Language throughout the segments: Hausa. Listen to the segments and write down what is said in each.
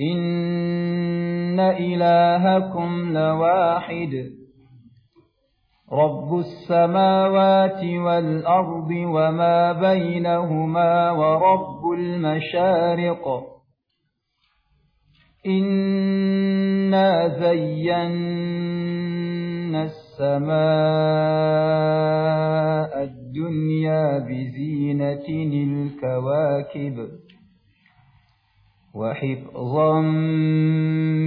إن إلهكم لواحد رب السماوات والأرض وما بينهما ورب المشارق إنا زينا السماء الدنيا بزينة الكواكب وحفظا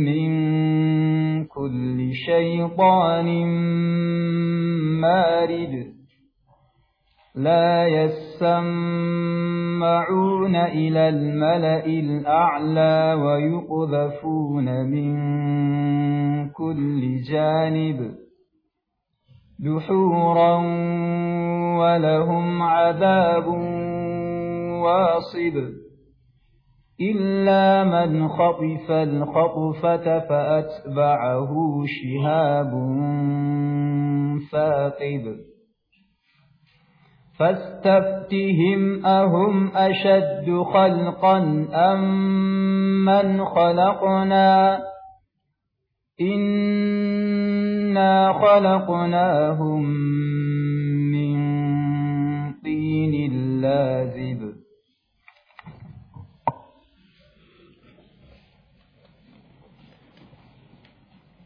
من كل شيطان مارد لا يسمعون إلى الملأ الأعلى ويقذفون من كل جانب دحورا ولهم عذاب واصب إلا من خطف الخطفة فأتبعه شهاب ساقب فاستفتهم أهم أشد خلقا أم من خلقنا إنا خلقناهم من طين لازم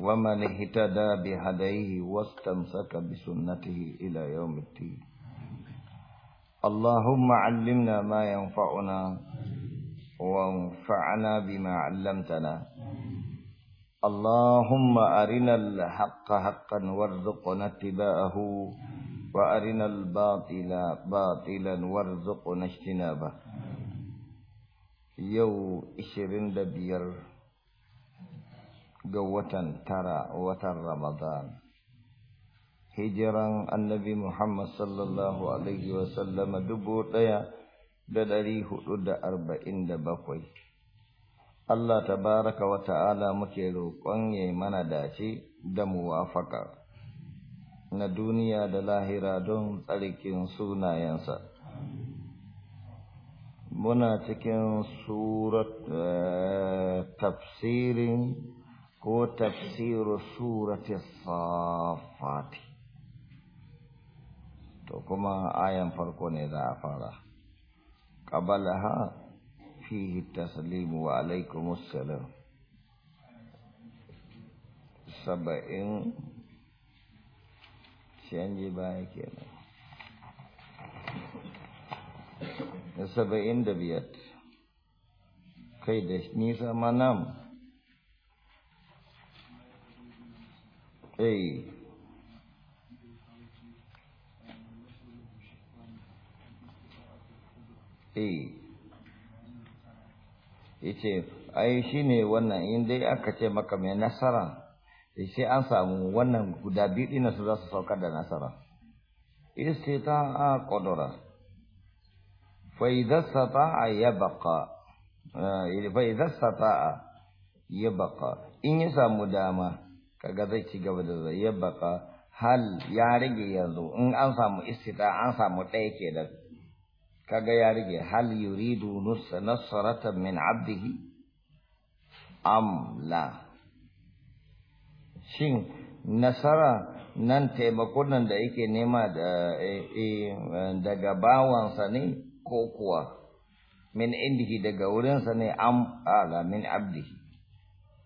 ومن اهتدى بهديه واستمسك بسنته إلى يوم الدين اللهم علمنا ما ينفعنا وانفعنا بما علمتنا اللهم أرنا الحق حقا وارزقنا اتباعه وأرنا الباطل باطلا وارزقنا اجتنابه يو إشرين دبير ga watan tara watan Ramadan. Hijiran annabi Muhammad sallallahu Alaihi wasallama dubu ɗaya da ɗari hudu da arba'in da bakwai. Allah Ta baraka wa ta'ala muke roƙon ya mana dace da muwafaka na duniya da lahira don tsarkin sunayensa. Muna cikin surat eh, tafsirin ko tafsiru surati safati to kuma ayan farko ne za a fara qabalaha fihi taslimu wa alaikumus salam saba'in canji baya kenan da saba'in da biyar kai da nisa manam Hey. Hey. yace ai shine wannan in dai aka ce maka mai nasara eh, sai an samu wannan guda biyu din su za su saukar da nasara istita'a qadara fa idza sata'a yabqa eh, fa idza sata'a yabqa in ya samu dama kaga zai ci gaba da zai baka hal ya rage yanzu in an samu istita an samu ɗaya ke da kaga ya rage hal yuridu nasarata min abdihi am la shin nasara nan taimakon nan da yake nema eh, eh, daga bawansa ne ko kuwa min indihi daga wurinsa ne am ala min abdihi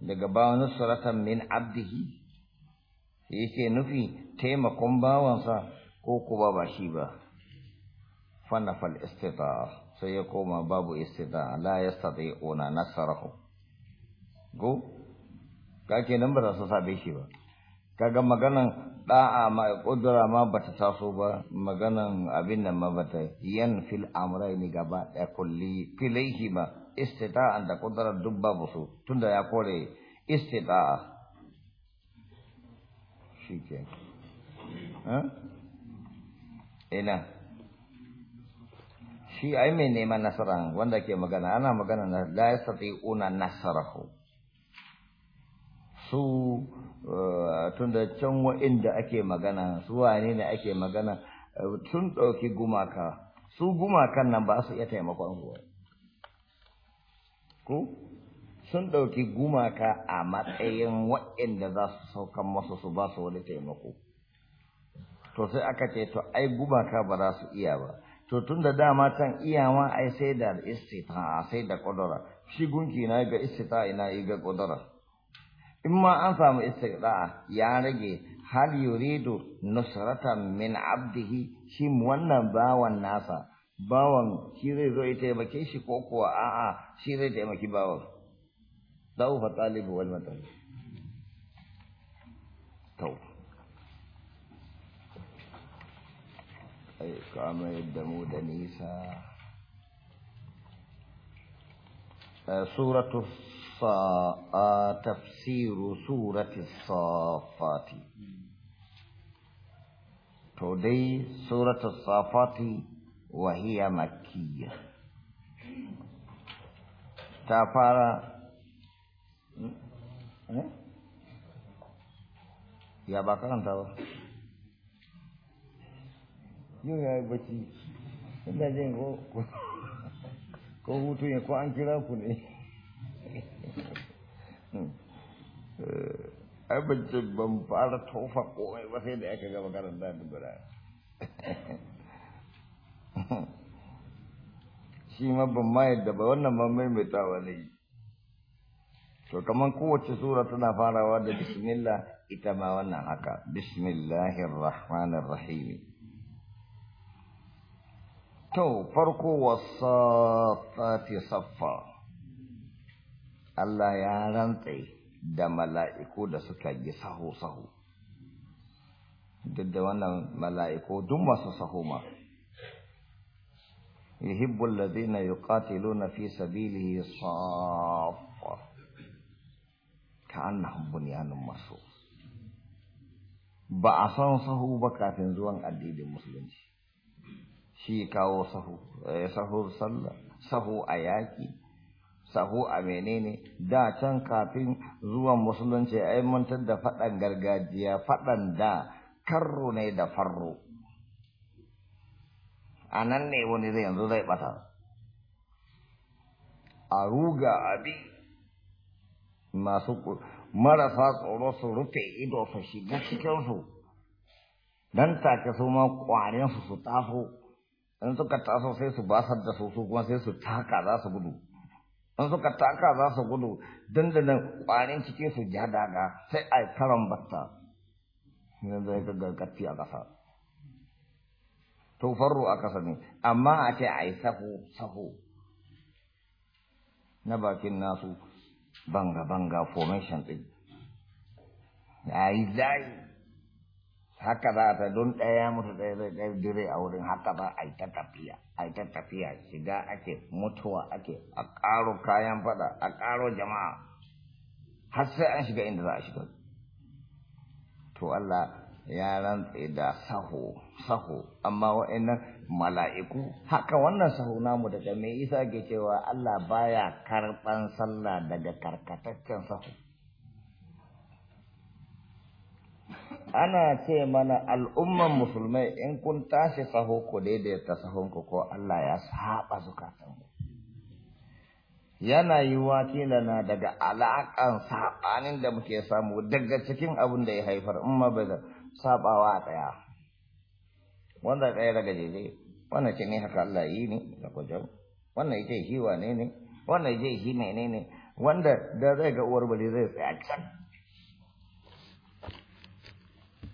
daga wani suratan min abdihi yake nufi taimakon bawansa ko kuma ba shi ba fanafal istita'a sai ya koma babu istita'a la yastati'una nasarahu go Ka ke nan ba za su sabe shi ba kaga maganan da'a ma kudura ma bata taso ba maganan abin nan ma bata yan fil amrayni gaba da kulli shi ba. istita'an da kudarar duk babu su tunda ya kore istita'a shike ina shi ai mai neman nasara wanda ke magana ana magana na la una nasarahu su eh, tunda can inda ake magana su wane ne ake magana tun eh, ɗauki gumaka su gumakan nan ba su iya taimakon ruwa ko sun ɗauki gumaka a matsayin waɗanda za su saukan masu su ba su wani taimako to sai aka ce to ai gumaka ba za su iya ba to tun da dama can iyawa ai sai da istita sai da ƙudura shi gunki na ga istita ina yi ga ƙudura in ma an samu istita ya rage hal yuridu nusratan min abdihi shi wannan bawan nasa bawan shi zai zo ya taimake shi ko kuwa a'a shi zai taimaki bawan daufa talibu wal matal tau ai kama yadda mu da nisa eh, suratu tafsiru surati safati hmm. to dai suratu safati وهي مكية تفارا ya ba karanta ba yau ya yi jin ko hutu ne ko an kira ku ne ai ban fara tofa komai ba sai da aka gaba karanta da bara shi ma ban ma yadda ba wannan ma maimaitawa wa ne to kamar kowace sura tana farawa da bismillah ita ma wannan haka bismillahir rahmanir rahim to farko wasafati saffa Allah ya rantse da mala'iku da suka yi saho saho duk da wannan mala'iku duk masu saho ma يحب الذين يقاتلون في سبيله صافا كأنهم بنيان مرصوص ba a san sahu ba kafin zuwan addinin musulunci shi kawo sahu sahu sallah sahu a yaƙi sahu a menene da can kafin zuwan musulunci ai mantar da faɗan gargajiya faɗan da karro ne da farro a nan ne wani zai yanzu zai bata a ruga abi masu marasa tsoro su rufe ido su shiga cikinsu don take su ma kwarensu su taso in suka taso sai su basar da su su kuma sai su taka za su gudu in suka taka za su gudu dandanan ƙwarin cikin su ja daga sai a karan batta yanzu ya ga gargatti a ƙasa tufarru a ƙasa ne amma a ce a yi sahu sahu na bakin nasu banga banga formation ɗin a yi layi haka za ta don ɗaya mutu ɗaya zai ɗaya dire a wurin haka za a yi ta tafiya a yi ta tafiya shiga ake mutuwa ake a ƙaro kayan faɗa a ƙaro jama'a har sai an shiga inda za a shiga to Allah ya rantse da saho saho amma wa'annan mala'iku haka wannan saho namu daga mai isa ke cewa Allah baya karban sallah daga karkataccen sahu. ana ce mana al'umman musulmai in kun tashi saho ku daidaita sahonku ko Allah ya saba ku. yana yi kila na daga alaƙan saɓanin da muke samu daga cikin abin da ya haifar in ma sabawa daya wanda daya daga jeje wannan ce ne haka Allah yi ne da kujau wannan yake shi wane ne wannan yake shi menene wanda da zai ga uwar bali zai tsaya can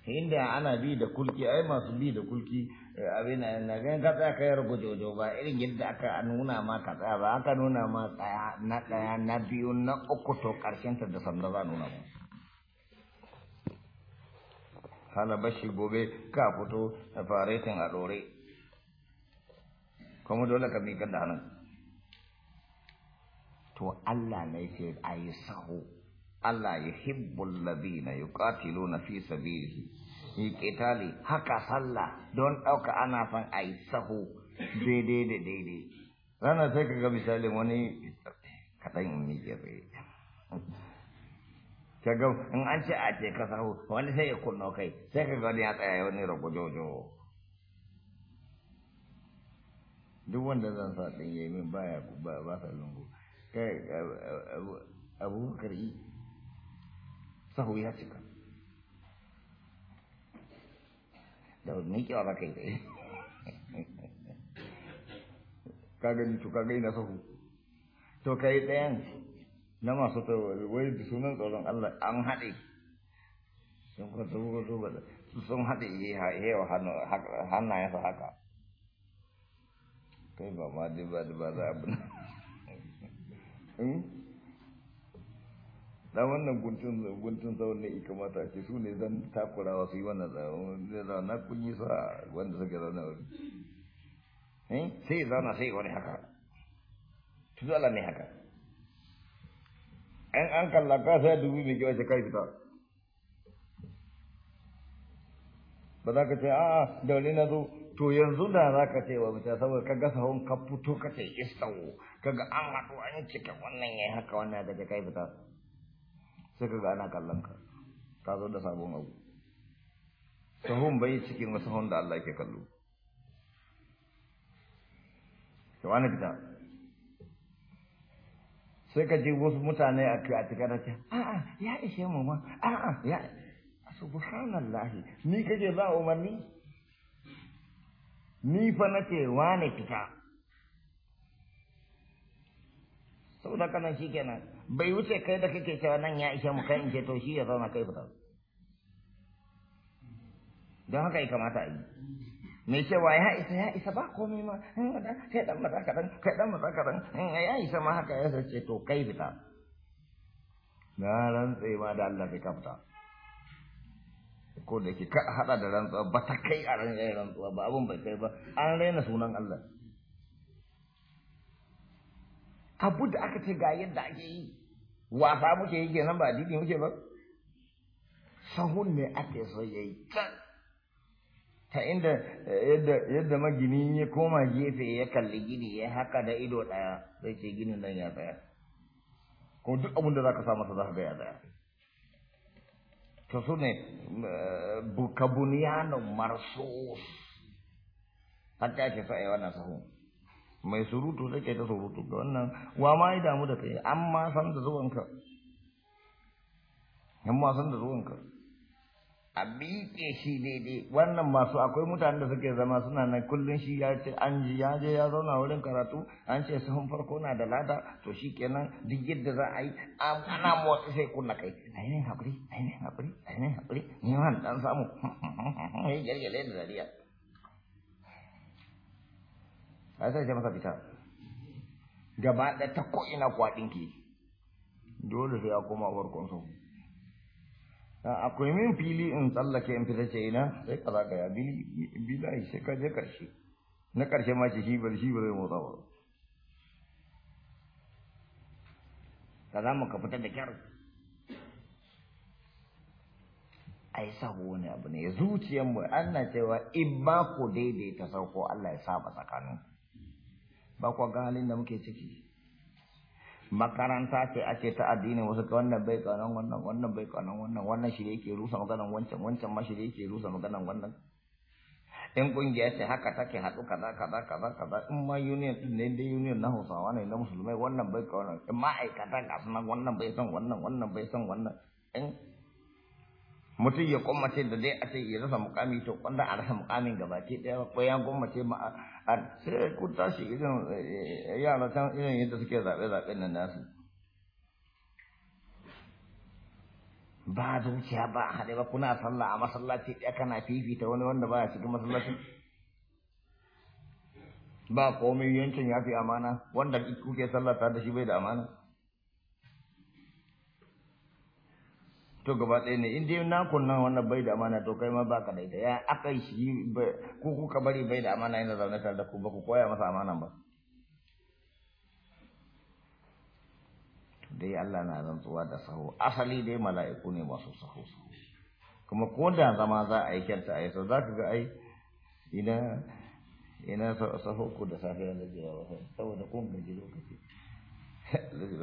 inda ana bi da kulki ai masu bi da kulki eh, abin na gan ka tsaya kai rugujojo ba irin yadda aka nuna ma ka tsaya ba aka nuna ma tsaya na daya na biyu na uku to karshen ta da sanda za nuna ba hana bashi gobe ka fito da faretin a ɗore kuma dole ka miƙar da hannun to Allah na yake a yi sahu Allah ya hibbul labina ya ƙatilo na fi sabili yi ƙetali haka sallah don ɗauka ana fan a yi sahu daidai da daidai ranar sai ka ga misalin wani kaɗan yi miƙe kaga in an ce a ce ka sahu wani sai ya kunno kai sai ka wani ya tsaya wani ragojojo duk wanda zan sa ɗin ya yi min baya ba sa lungu kai abubakar yi sahu ya cika da wani ke ba kai tsaye ka gani to ka gaina sahu to kai ɗayan na masu tawari wai da sunan tsoron Allah an haɗe sun ka duba da sun haɗe hewa hannayensa haka kai ba ma dai ba da ba za a bin hmm? dan wannan guntun guntun ne ika mata ce su ne zan takura wasu yi wannan zaune na kunyi yi sa wanda suke zaune wani hmm? sai zauna sai wani haka tuzo ala ne haka in an kalla ka sai dubu mai kyau ce kai fita ba za ka ce a da wani na zo to yanzu da za ka ce wa mace saboda ka gasa hon ka fito ka ce istawo ka ga an haɗu an cika wannan ya haka wannan ya daga kai fita sai ka ga ana kallon ka ka zo da sabon abu sahun bai cikin wasu hon da Allah ke kallo to wani fita sai ka ji wasu mutane a kai a cikin da ce a'a ya ishe mu ma a'a ya subhanallahi ni kake ba umarni ni fa na nace wane fita saboda kana shi kenan bai wuce kai da kake cewa nan ya ishe mu kai in ce to shi ya zauna kai fita don haka ya kamata a yi mai cewa ya isa ya isa ba komai ma kai dan maza kadan kai dan maza kadan ya isa ma haka ya sace to kai fita na rantse ma da Allah bai kafta ko da ke hada da rantsuwa ba ta kai a ranar rantsuwa ba abun bai kai ba an raina sunan Allah abu da aka ce ga yadda ake yi wasa muke yi kenan ba didi muke ba sahun ne ake so yayi can ta inda eh, yadda magini ya koma gefe ya kalli gini ya haka da ido ɗaya zai ce ginin nan ya tsaya ko duk abin da za ka sa za ka ga ya tsaya to su ne eh, bukabuniyanin marso, hatta ce sa'ai wannan sahun mai surutu ke ta surutu ga wannan wa ma ya damu da kai amma san da zuwanka amma san da zuwanka a miƙe shi daidai wannan masu akwai mutanen da suke zama suna nan kullum shi ya ce an ji ya je ya zauna wurin karatu an ce sahun farko na da lada to shi kenan duk yadda za a yi ana motsi sai kunna kai ainihin haƙuri ainihin haƙuri ainihin haƙuri ni ma dan samu ya gyargyale da dariya a sai ce masa fita gaba ɗaya ta ko'ina kwaɗin ke dole sai ya koma warkon sau akwai min fili in tsallake in fita ce ina sai ka bi da shi ka je karshe na karshe ma ce shi bari shi ba zai motsa ba ka za mu ka fita da kyar ai sabo wani abu ne zuciyar mu ana cewa in ba ku daidaita sauko Allah ya saba tsakanin ba ku ga halin da muke ciki makaranta ce ake ta addini wasu ka wannan bai kanan wannan wannan bai kanan wannan wannan shi yake rusa maganan wancan wancan ma shi yake rusa maganan wannan in kungiya ce haka take haɗu kaza kaza kaza kaza in ma union din ne da union na Hausawa ne na musulmai wannan bai kanan in ma aikata eh, ga sunan wannan bai san wannan wannan bai san wannan in mutum ya kwamace da dai a ce ya rasa mukami to kwanda a rasa mukamin gabaki daya ko ya gwammace ma a sai ku tashi irin eh, yara can irin yadda suke zaɓe zaɓen nan nasu ba zuciya ba a haɗe ba kuna sallah a masallaci ɗaya kana fifita wani wanda baya cikin masallacin ba komai yankin ya fi amana wanda kuke sallata da shi bai da amana to gaba ɗaya ne in dai na kunnan wannan bai da amana to kai ma ba da ita ya aka shi ku kuka bari bai da amana yana zaune tare da ku ba ku koya masa amana ba dai Allah na rantsuwa da sahu asali dai mala'iku ne masu sahu kuma ko da zama za a yi kyanta a yi sau za ka ga ai ina ina sahu ku da safe da jiya saboda kun gaji lokaci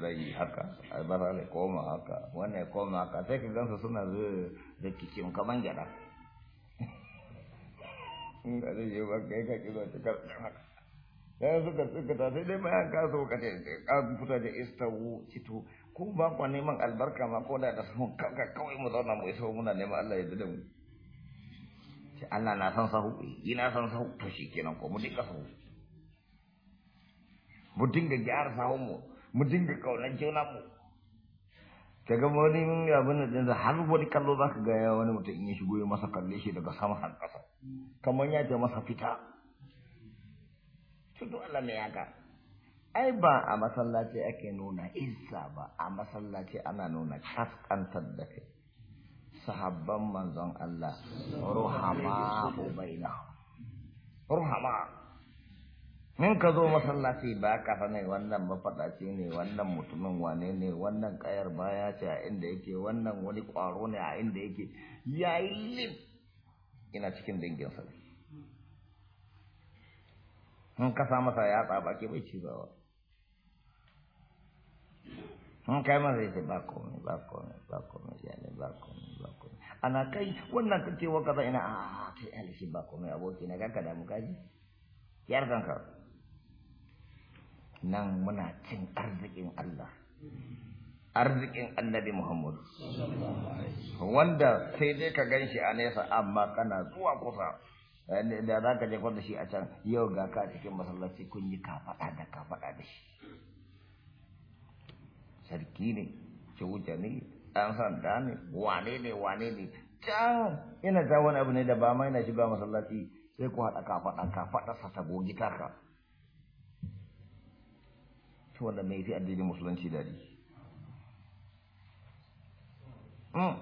zai yi haka a bara ne koma haka wannan ya koma haka sai ka gansu suna zai da kicin kaman gyada in ka zai yi ba kai ka kira ta haka ya suka suka ta sai dai bayan ka so ka ka fita da ah, istawu cito ko ba kwa neman albarka ma ko da da sun kanka kawai mu zauna mu iso muna neman Allah ya dade mu ce Allah na san sahu ina san sahu to shikenan ko mu dinga sahu mu dinga gyara mu mu dinga kaunar juna mu ka ga wani abin da har wani kallo za ka gaya wani mutum in ya shigo ya masa kalle shi daga sama har ƙasa kamar ya ce masa fita tudu Allah mai haka ai ba a masallaci ake nuna izza ba a masallaci ana nuna kaskantar da kai sahabban manzon Allah ruhama ubaina ruhama in ka zo masallaci ba ka sanai wannan mafadaci ne wannan mutumin wane ne wannan kayar baya ce a inda yake wannan wani ƙwaro ne a inda yake ya yi lim ina cikin dangin sa in ka sa masa ya tsaba ke bai ci ba Mun kai masa ya ce ba komai ba komai ba komai ya ne ba komai ba komai ana kai wannan kake wa kaza ina a kai alishi ba komai aboki na kanka da mu kaji yar kanka nan muna cin arzikin Allah arzikin annabi Muhammadu wanda sai dai ka gan shi a nesa amma kana zuwa kusa da za ka je kwanta shi a can yau ga ka cikin masallaci kun yi kafaɗa da kafaɗa da shi sarki ne cuta ne ɗan sanda ne wane ne wane ne can ina ta wani abu ne da ba mai na shi ba masallaci sai ku haɗa kafaɗa kafaɗa sa ta gogi shi wanda mai fi addinin musulunci dadi hmm.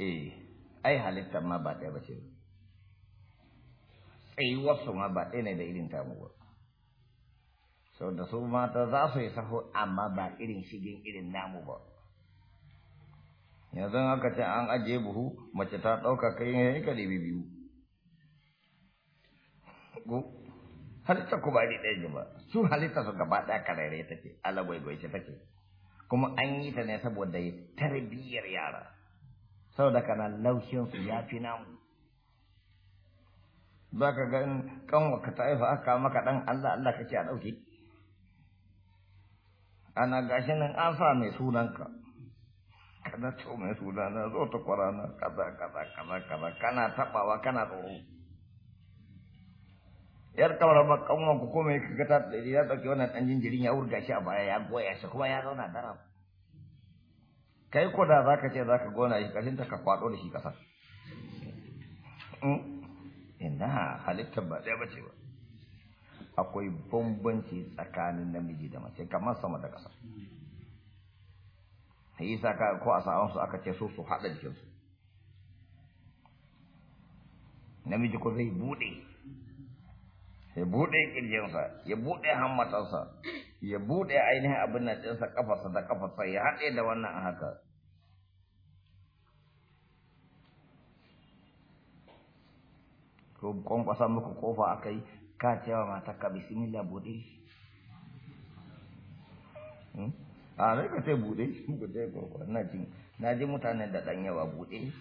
eh ai halitta ma ba ɗaya ba ce tsayuwarsu ma ba ɗaya ne da irin tamuwa sau da su mata za su yi saho amma ba irin shigin irin namu ba yanzu haka ce an ajiye buhu mace ta ɗauka kai ne ka ɗebi biyu halitta ku ba ɗaya ne ba su halitta su gaba ɗaya karere take ce take kuma an yi ta ne saboda tarbiyyar yara saboda kana laushin su ya fi namu za ka ga in kanwa ka ta fa'a aka maka ɗan Allah Allah kake a ɗauke ana gashi nan an sa mai sunanka kana ce mai sunana zo ta kwarana kaza kaza kaza kaza kana taɓawa kana tsoro yar kawar ba kanwa ku ka ga ta ya dauki wannan dan jinjirin ya wurga shi a baya ya goya shi kuma ya zauna daram kai ko da zaka ce zaka gona shi kashin ta ka kwado da shi kasa hmm? inna halitta ba dai bace ba akwai bambanci tsakanin namiji da mace kamar sama da kasa sai yasa ka ko a sa'an su aka ce so su hada jikin su namiji ko zai bude ya buɗe ƙirjinsa ya buɗe hammatarsa ya buɗe ainihin abin nan ɗinsa kafarsa da kafarsa ya haɗe da wannan a haka ko kwankwasa muku kofa hmm? a kai ka cewa mata ka bisimila buɗe a ne ka ce buɗe buɗe kofa na na ji mutanen da ɗan yawa buɗe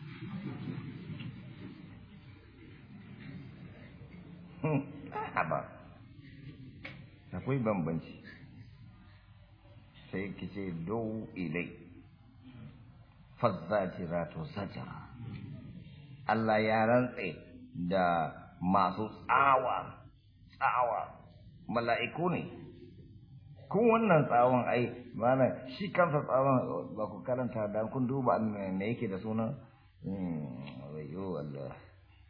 Hmm. ba akwai bambanci sai ki ce dau ilai zato zajara Allah ya rantse da masu tsawa tsawa mala'iku ne kun wannan tsawon ai mana shi kansa tsawon ba ku karanta dan kun duba me yake da sunan hmm, wayo Allah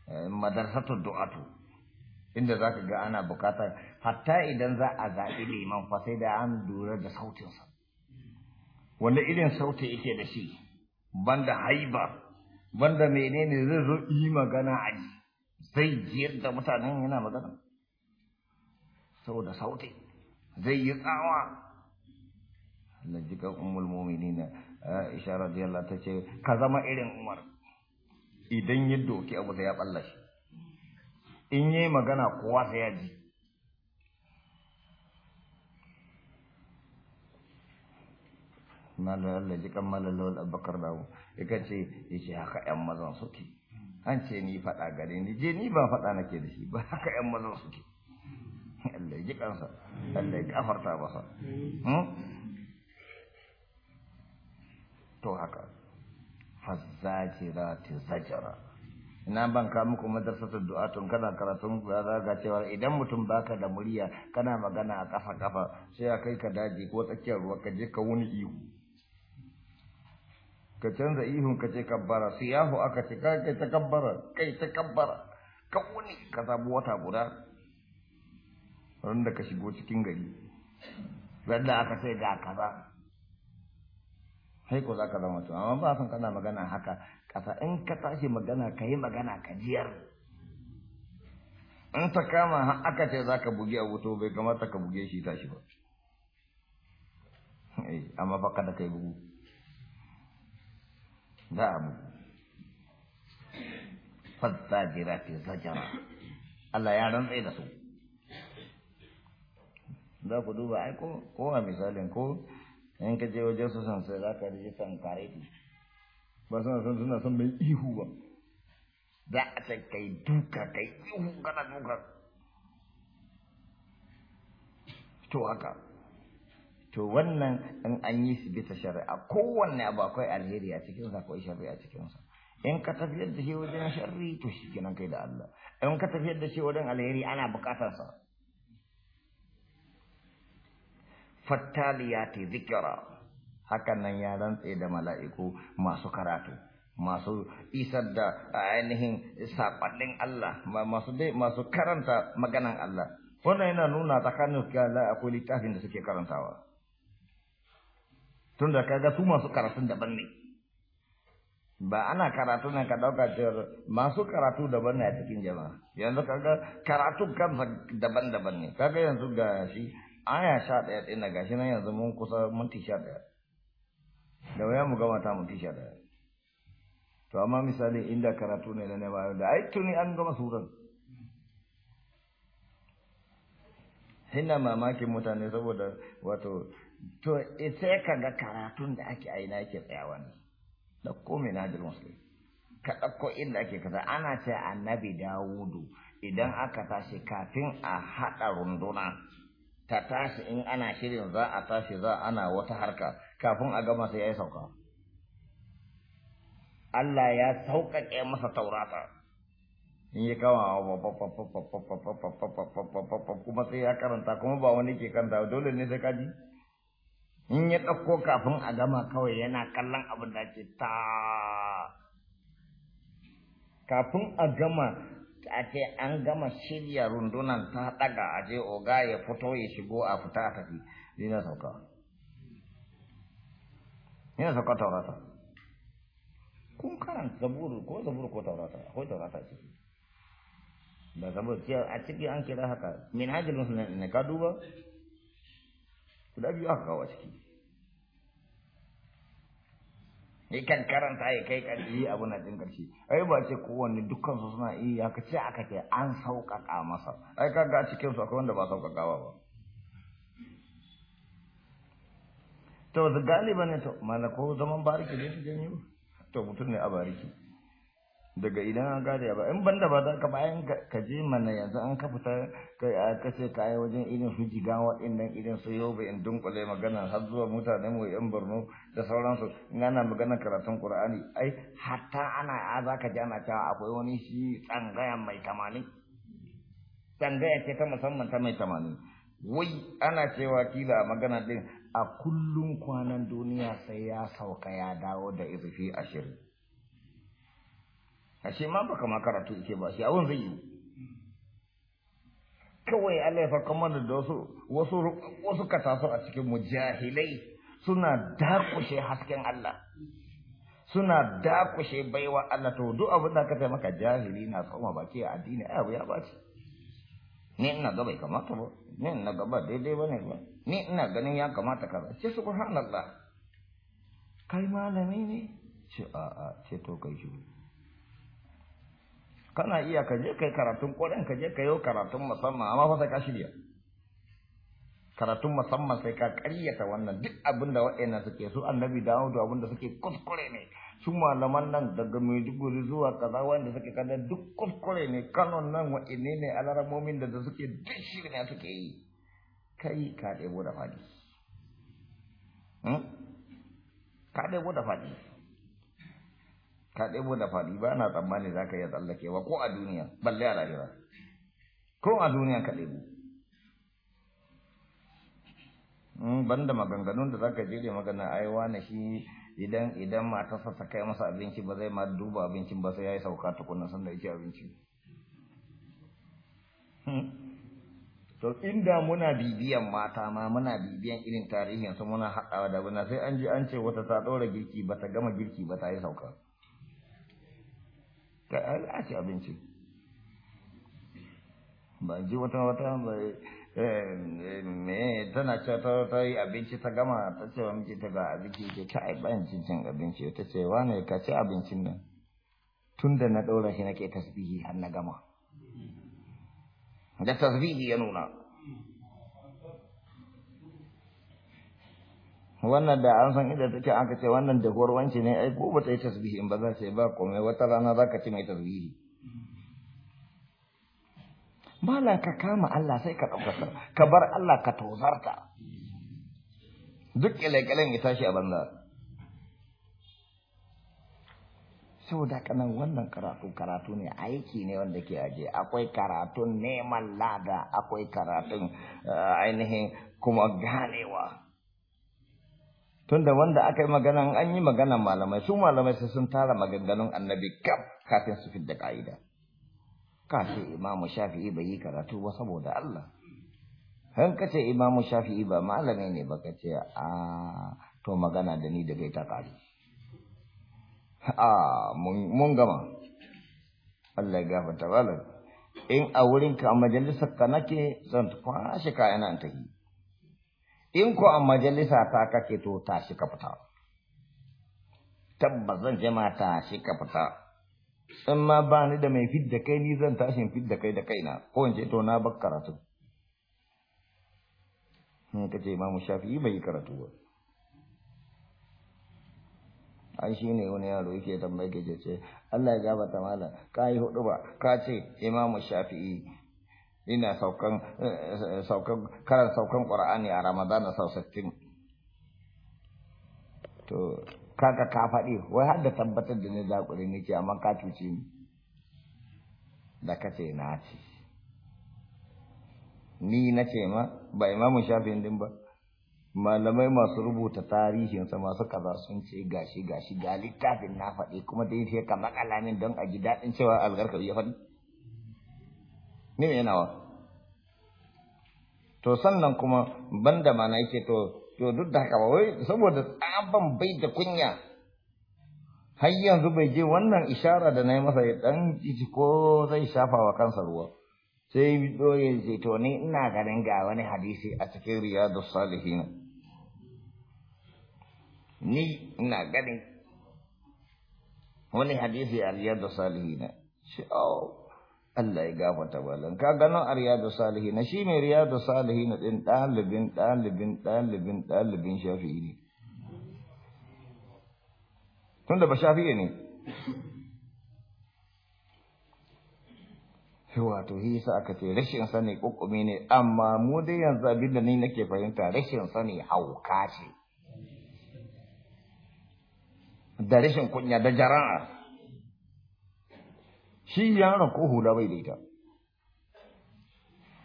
eh, du'atu inda za ka ga ana bukatar hatta idan za a zaɓi liman fa sai da an lura da sautinsa wanda irin sauti yake da shi banda haiba banda menene zai zo yi magana a ji zai jiyar da mutanen yana magana saboda sauti zai yi tsawa Allah jika ummul mu'minin Aisha ta ce ka zama irin Umar idan yi doki abu da ya ɓallashi. in yi magana kowa sai ya ji malar Allah ji kan malar lawal abakar dawo ya kace ya ce haka yan mazan suke an ce ni faɗa gare ni je ni ba faɗa nake da shi ba haka yan mazan suke Allah ya ji kansa Allah ya kafarta masa hmm? to haka fazzajirati zajara ina ban ka muku madrasatul du'a tun kana karatun za ga cewa idan mutum baka da murya kana magana a kafa kafa sai a kai ka daji ko tsakiyar ruwa ka je ka wuni ihu ka canza ihun ka ce kabbara yahu aka ce kai ta kabbara kai ta kabbara ka wuni ka zabu wata guda wanda ka shigo cikin gari wanda aka sai ga kaza sai ko za ka zama to amma ba san kana magana haka kasa in ka tashi magana ka yi magana ka jiyar in ta kama aka ce za ka buge abu to bai kamata ka buge shi tashi ba eh, amma fa kada kai bugu za a bugu jira fazzajirati zajara Allah ya rantsa da su za ku duba ai ko a misalin ko in ka je wajen su san sai za ka rijistan ku ba suna son suna son mai ihu ba za a ce kai duka kai ihu kana duka to haka to wannan in an yi su bisa shari'a kowanne abu akwai alheri a cikinsa akwai shari'a a cikinsa in ka tafiyar da shi wajen sharri to shi kenan kai da Allah in ka tafiyar da shi wajen alheri ana bukatar sa fattaliyati zikra hakan nan ya rantse da mala'iku masu karatu masu isar da ainihin saɓanin Allah masu dai masu karanta maganan Allah wannan yana nuna tsakanin kyala akwai littafin da suke karantawa tunda kaga su masu karatun daban ne ba ana karatu nan ka dauka jar masu karatu daban ne a cikin jama'a yanzu kaga karatu kansa daban-daban ne kaga yanzu ga shi aya sha ɗaya ɗin gashi nan yanzu mun kusa minti sha ɗaya da waya mu gama ta mu tisha da to amma misali inda karatu ne da ne ba da ai tuni an gama suran ina mamakin mutane saboda wato to sai ka ga karatun da ake aina ke tsayawa ne da komai na jil musulmi ka ɗauko inda ake kasa ana ce annabi dawudu idan aka tashi kafin a haɗa runduna ta tashi in ana shirin za a tashi za ana wata harka kafin a gama sai ya yi sauka Allah ya sauƙaƙe masa taurata in yi kama kuma sai ya karanta kuma ba wani ke kanta dole ne sai kaji in ya ɗauko kafin a gama kawai yana kallon abin da ke ta kafin a gama a ce an gama shirya rundunan ta daga a je oga ya fito ya shigo a fita a tafi zina sauka yana sauka taurata kun karan zaburu ko zaburu ko taurata akwai taurata ce da zabur ce a ciki an kira haka min hajjil musulun ne ka duba da biyu aka kawo ciki kan karanta ya kai ƙarfi abu na jin karshe ai ba ce kowanne dukkan su suna iya haka ce aka ce an sauƙaƙa masa ai ga cikin su akwai wanda ba sauƙaƙa ba to da galiba ne to mana ko zaman bariki ne su janyo to mutum ne a bariki daga idan an gada ya ba in banda ba za ka bayan ka je mana yanzu an ka fita ka kashe ka yi wajen irin su jiga waɗannan irin su in dunkule magana har zuwa mutane mu yan borno da sauransu in ana magana karatun qur'ani ai hatta ana a za ka ji cewa akwai wani shi tsangaya mai tamanin tsangaya ce ta musamman ta mai tamanin wai ana cewa kila magana ɗin a kullum kwanan duniya sai ya sauka ya dawo da izifi ashirin ashe ma baka ma karatu yake ba shi abun zai yi kawai Allah ya farkon mana da wasu wasu wasu kataso a cikin mujahilai suna dakushe hasken Allah suna dakushe baiwa Allah to duk abin da ka sai maka jahili na tsoma baki a addini ai abu ya baci ni ina ga bai kamata ba ni ina ga ba daidai bane ba ni ina ganin ya kamata kaza ce subhanallah kai malami ne ce a'a ce to kai shi kana iya ka je kai karatun ƙwarin ka je ka yi karatun musamman amma fa sai ka shirya karatun musamman sai ka ƙaryata wannan duk abin da wa'ina suke su annabi dawudu abin da suke kuskure ne su malaman nan daga maiduguri zuwa kaza wanda suke kada duk kuskure ne kanon nan wa'ine ne alaramomin da suke duk shi ne suke yi kai ka ɗebo da faɗi hmm? ka ɗebo da faɗi ka ɗebo da faɗi ba na tsammani za ka iya tsallakewa ko a duniya balle a lahira ko a duniya ka ɗebo hmm, ban da maganganun da za je jere magana ai wani shi idan idan matarsa ta kai masa abinci ba zai ma duba abincin ba sai ya yi sauka tukunna sanda yake abinci hmm. to inda muna bibiyan mata ma muna bibiyan irin tarihin su muna haɗawa da muna sai an ji an ce wata ta ɗora girki ba ta gama girki ba ta yi sauka a ci abinci ba ji wata wata eh, eh, me tana ce ta ta yi abinci ta gama ta ce wa miji ta ga abinci ke ta ai bayan cincin abinci ta ce wa ne ka ci abincin nan tun da na ɗaura shi nake tasbihi har na gama da tasbihi ya nuna wannan da an san inda take aka ce wannan da gorwanci ne ai ko bata yi tasbihi in ba za ta yi ba komai wata rana za ka ci mai tasbihi mala ka kama Allah sai ka ɗaukaka ka bar Allah ka tozarta duk kelekelen ya tashi a banza saboda kanan wannan karatu karatu ne aiki ne wanda ke aje akwai karatun neman lada akwai karatun eh, ainihin kuma ganewa tunda wanda aka yi magana an yi magana malamai su malamai sai sun tara maganganun annabi kaf kafin su fidda ka'ida kashi imamu shafi'i bai yi karatu ba saboda Allah han kace imamu shafi'i ba malamai ne ba kace a to magana da ni da kai ta kare a mun gama Allah ya gafarta malam in a wurinka a majalisar ka nake zan kwashe kayana in tafi in ko a majalisa ta kake to tashi ka fita tabbas zan jama tashi ka fita in ma ba ni da mai fidda kai ni zan tashin fidda kai da kaina ko in ce to na bar karatu ne ka ce imamu shafi'i bai yi karatu ba an shi ne wani yaro yake tambaye ke ce Allah ya gabata mala ka yi hudu ba ka ce imamu shafi'i ina saukan eh, saukan karan saukan qur'ani a ramadana sau 60 to kaga ka faɗi wai har da tabbatar da ni zakuri nake amma ka cuce ni da kace na ci ni na ce ma ba imamu shafi din ba malamai masu rubuta tarihinsa masu kaza sun ce gashi gashi ga littafin na faɗi kuma dai sai ka makala don a ji daɗin cewa algarkar ya faɗi mime wa? to sannan kuma banda mana yake to to duk da haka ba wai saboda tsaban bai da kunya har yanzu bai je wannan ishara da na yi masa ya dan ko zai shafa wa kansa ruwa sai doye ce to ni ina ganin ga wani hadisi a cikin riyadu salihin ni ina ganin wani hadisi a riyadu salihin shi oh Allah ya gafata balan ka gano a riyadu salihi na shi mai riyadu salihi na ɗin ɗalibin ɗalibin ɗalibin ɗalibin shafi'i ne tunda ba shafi'i ne wato shi sa aka ce rashin sani kokumi ne amma mu dai yanzu abin da ni nake fahimta rashin sani hauka ce da rashin kunya da jara'a shi yaron ko hula bai da ita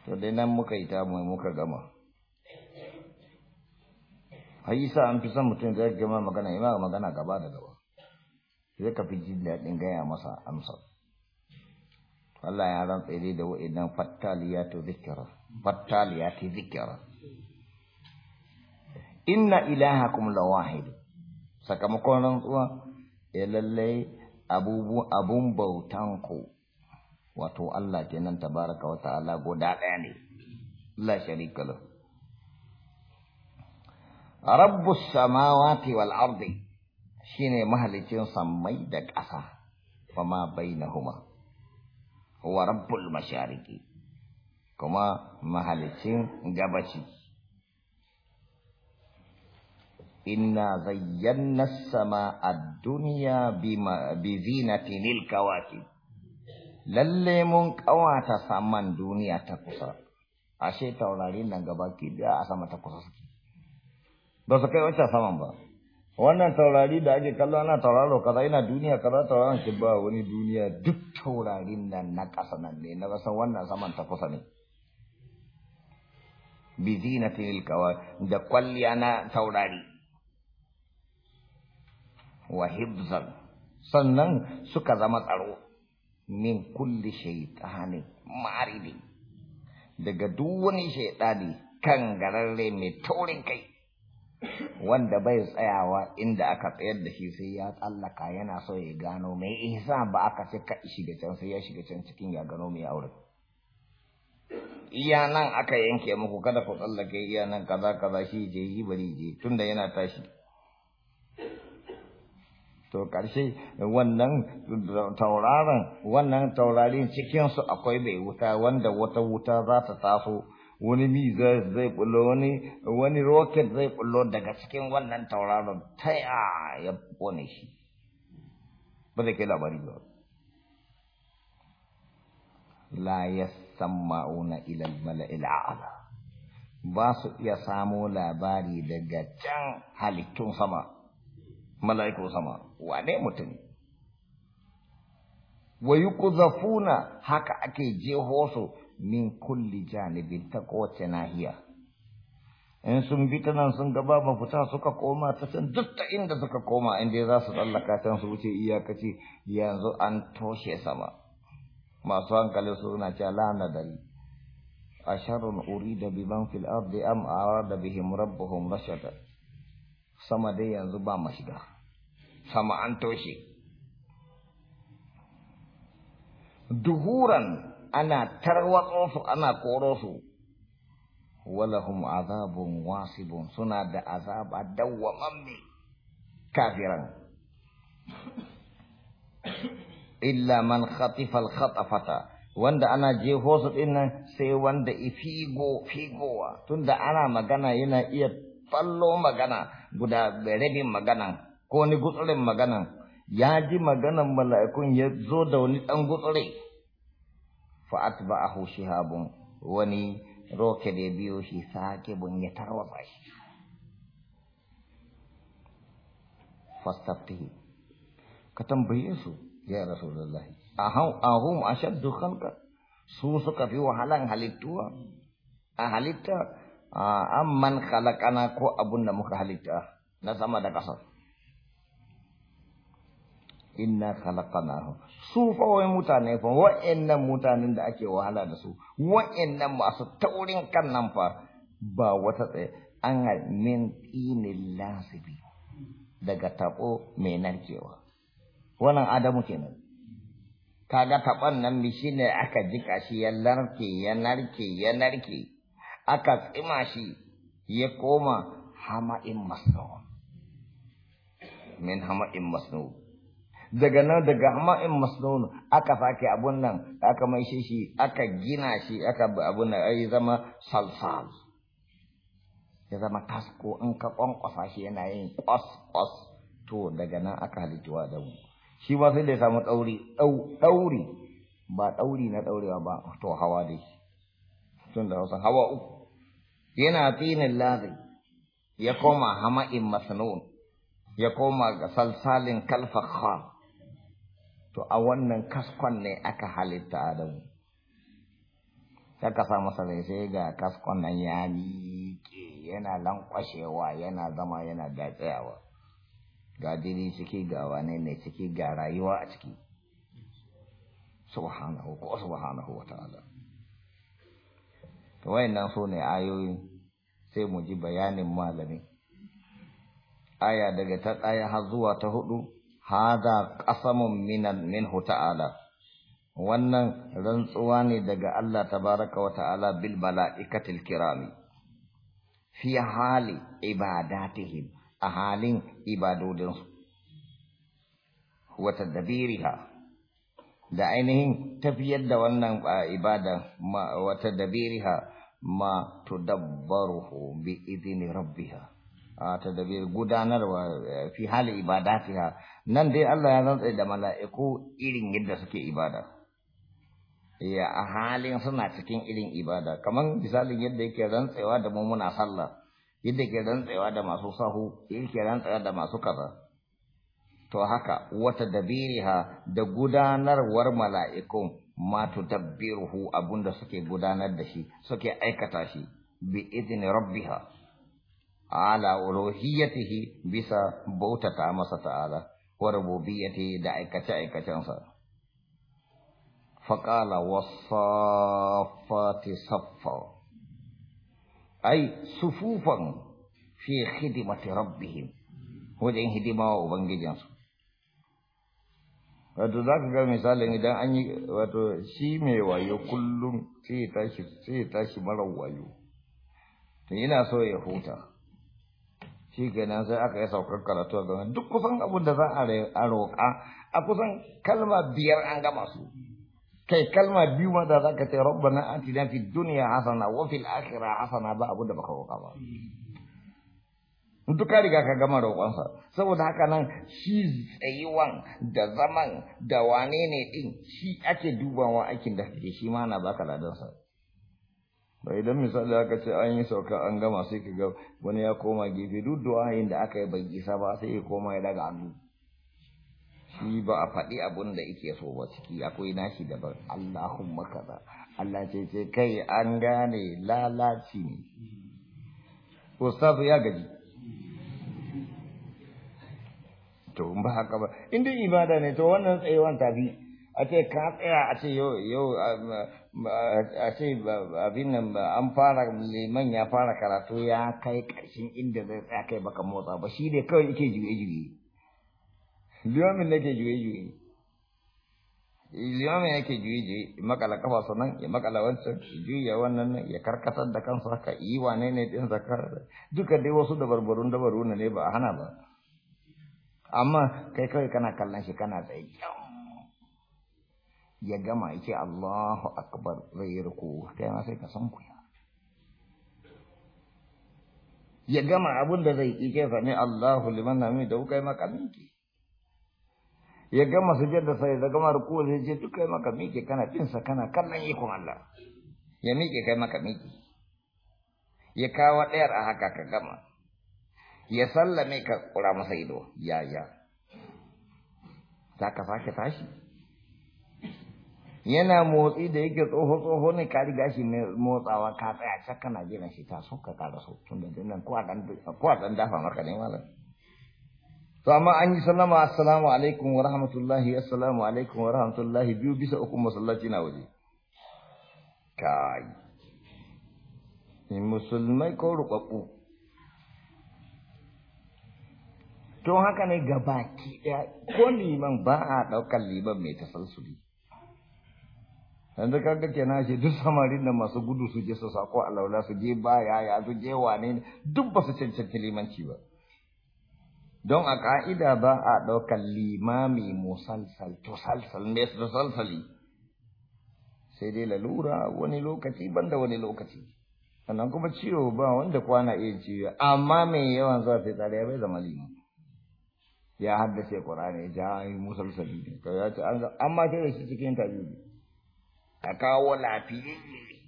to dai nan muka yi ta mai muka gama haisa an fi son mutum zai gama magana yi magana gaba da gaba sai ka fi jin daɗin gaya masa amsa Allah ya rantsa dai da to zikira. zikra ta zikira. inna ilahakum lawahid sakamakon rantsuwa ya eh, lallai abun bautan ku wato Allah kenan tabaraka wa ta'ala guda ɗaya ne la sharika lahu rabbu samawati wal ardi shine mahalicin sammai da ƙasa fa ma bainahuma wa rabbul mashariqi kuma mahalicin gabashi inna zayyana sama ad-dunya bi zinatil kawakib lalle mun kawata saman duniya ta kusa ashe taurari nan gaba ki da a sama ta kusa suke ba su kai wacce saman ba wannan taurari da ake kallo ana tauraro kaza ina duniya kaza tauraron ki ba wani duniya duk taurarin nan na kasa nan ne na rasa wannan saman ta kusa ne bi zinatil da kwalliya na taurari wa sannan suka zama tsaro min kulli shaytani maridi daga duk wani shaytani kan gararre mai taurin kai wanda bai tsayawa inda aka tsayar da shi sai ya tsallaka yana so ya gano mai ihsan ba aka ce ka shiga can sai ya shiga can cikin ya gano mai aure iya nan aka yanke muku kada ku tsallake iya nan kaza kaza shi je yi bari je tunda yana tashi to ƙarshe wannan eh, tauraron wannan cikin cikinsu akwai mai wuta wanda wata wuta za ta taso wani miza zai bullo wani wani rocket zai bullo daga cikin wannan tauraron ta ya kone shi ba zai kai labari ba la yasma'una ila al-mala'il a'la ba su iya samo labari daga can halittun sama mala'iku sama wane mutum wa zafuna haka ake jeho su min kulli janibin ta kowace nahiya in sun bi ta nan sun gaba mafuta suka koma ta san duk ta inda suka koma inda za su tsallaka can su wuce iyakaci yanzu an toshe sama masu hankali suna ce lana dari uri da biban fil ardi am arada bihim rabbuhum rashada sama dai yanzu ba mashiga sama duhuran ana tarwatsa ana korosu. walahum azabun wasibun suna da azaba dawwamamme kafiran illa man khatifa al-khatafata wanda ana jeho su dinnan sai wanda ifigo figowa tunda ana magana yana iya fallo magana guda rabin magana ko wani gutsurin magana ya ji maganan mala'ikun ya zo da wani ɗan gutsure fa'at ba a hoshi habun wani roke da biyo shi sake bun ya tarwa ba shi fastaftihi ka tambaye su ya rasulullahi ahum shaddu khalqa su suka fi wahalan halittuwa a halitta a amman khalaqana ko abun da muka halitta na sama da ƙasa inna khalaqnahu su fa wai mutane fa wa'annan mutanen da ake wahala da su wa'annan masu taurin kan nan fa ba wata tsaye an min tinil lasibi daga tabo mai narkewa wannan adamu kenan kaga taban nan mi shine aka jika shi ya narke ya narke ya narke aka tsima shi ya koma hama'in Masnu. min hama'in Masnu. daga nan daga hama'in masnun aka sake abun nan aka maishe shi aka gina shi aka abun nan ai zama salsal ya zama kasko in ka kwankwasa shi yana yin kwas kwas to daga nan aka halittuwa da mu shi ma sai da ya samu ɗauri ɗauri ba ɗauri na ɗaurewa ba to hawa dai tun da wasu hawa uku yana tsinin lazi ya koma hama'in masnun ya koma ga salsalin kalfakhar to a wannan kaskon ne aka halitta adamu saka sa masa mai sai ga kaskon nan ya miƙe yana lankwashewa yana zama yana datsayawa ga dini ciki ga wane ne ciki ga rayuwa a ciki subhanahu ko subhanahu wa ta'ala to wayannan su ne ayoyi sai mu ji bayanin malami aya daga ta tsaya har zuwa ta hudu هذا قسم من منه تعالى وان رنصواني دغا الله تبارك وتعالى بالملائكه الكرام في حال عباداتهم احال عبادتهم هو تدبيرها لعينه تفيد وان عباده ما وتدبيرها ما تدبره باذن ربها a tadabir gudanarwa eh, fi hali ibada ha, nan dai Allah ya zantsa da mala'iku irin yadda suke ibada ya a halin suna cikin irin ibada Kamar misalin yadda yake rantsewa da mu muna sallah yadda yake rantsewa da masu sahu yake rantsewa da masu kaza to haka wata dabiriha da gudanarwar mala'iku ma tudabbiruhu abunda suke gudanar da shi suke aikata shi bi idni rabbiha ala uluhiyatihi bisa bautata masa ta'ala wa rububiyyati da aikace-aikacensa faƙala wasafati saffa ai sufufan fi khidmati rabbihim wajen hidima wa ubangijinsu wato za ka ga misalin idan an yi wato shi mai wayo kullum sai ya tashi mara wayo to yana so ya huta shi kenan sai aka yi saukar karatu a gaban duk kusan abin da za a roƙa a kusan kalma biyar an gama su kai kalma biyu ma da za ka ce rabbana na fi duniya hasana wa fi akhirah hasana ba abin da baka roƙa ba duk ka riga ka gama roƙonsa saboda haka nan shi tsayuwan da zaman da wane ne din shi ake dubawa aikin da kake shi ma na baka ladansa ba idan misali aka ce an yi sauka an gama sai ka ga wani ya koma gefe duk du'a'in da aka yi bai isa ba sai ya koma ya daga hannu shi ba a faɗi abun da yake so ba ciki akwai nashi daban Allahumma makaza Allah ce ce kai an gane lalaci ne ustaz ya gaji to ba haka ba in dai ibada ne to wannan tsayuwan tafi a ce ka tsaya a ce yau a ce abin nan an fara liman ya fara karatu ya kai ƙarshen inda zai tsaya kai baka motsa ba shi ne kawai yake juye-juye limamin nake juye-juye limamin yake juye-juye makala kafa sannan ya makala wancan juya wannan ya karkatar da kansa haka yi wane ne din zakar duka dai wasu dabarbarun dabaru ne ba a hana ba amma kai kawai kana kallon shi kana tsaye ya gama yake Allahu akbar zai yi ruku kai ma sai ka san ku ya gama abin da zai ike sami Allahu liman nami da kai maka miki ya gama sujjada sai da gama ruku zai ce duk kai maka miki kana bin kana kallon ikon Allah ya miki kai maka miki ya kawo ɗayar a haka ka gama ya sallame ka kura masa ido ya ya za ka sake tashi yana motsi da yake tsoho tsoho ne ka riga shi ne motsawa ka tsaya can kana jiran shi ta sauka ka da sau tun da nan ko a dan dafa maka ne malam to amma an yi sallama assalamu alaikum wa rahmatullahi assalamu alaikum wa rahmatullahi biyu bisa uku masallaci na waje kai musulmai ko rubabbu to haka ne gabaki daya ko liman ba a ɗaukar liman mai tasalsuli yanzu kaga kenan shi duk samarin da masu gudu su je su sako a laula su je ba ya su je wane duk ba su cancanci limanci ba don a ka'ida ba a ɗaukar limami musalsal tusalsal me salsali sai dai lalura wani lokaci banda wani lokaci sannan kuma ciwo ba wanda kwana iya ciwo amma mai yawan zuwa sai tsari ya bai zama liman ya haddace ƙur'ani ya ja musalsali to ya ce an amma sai da shi cikin tabibi a kawo lafiyayye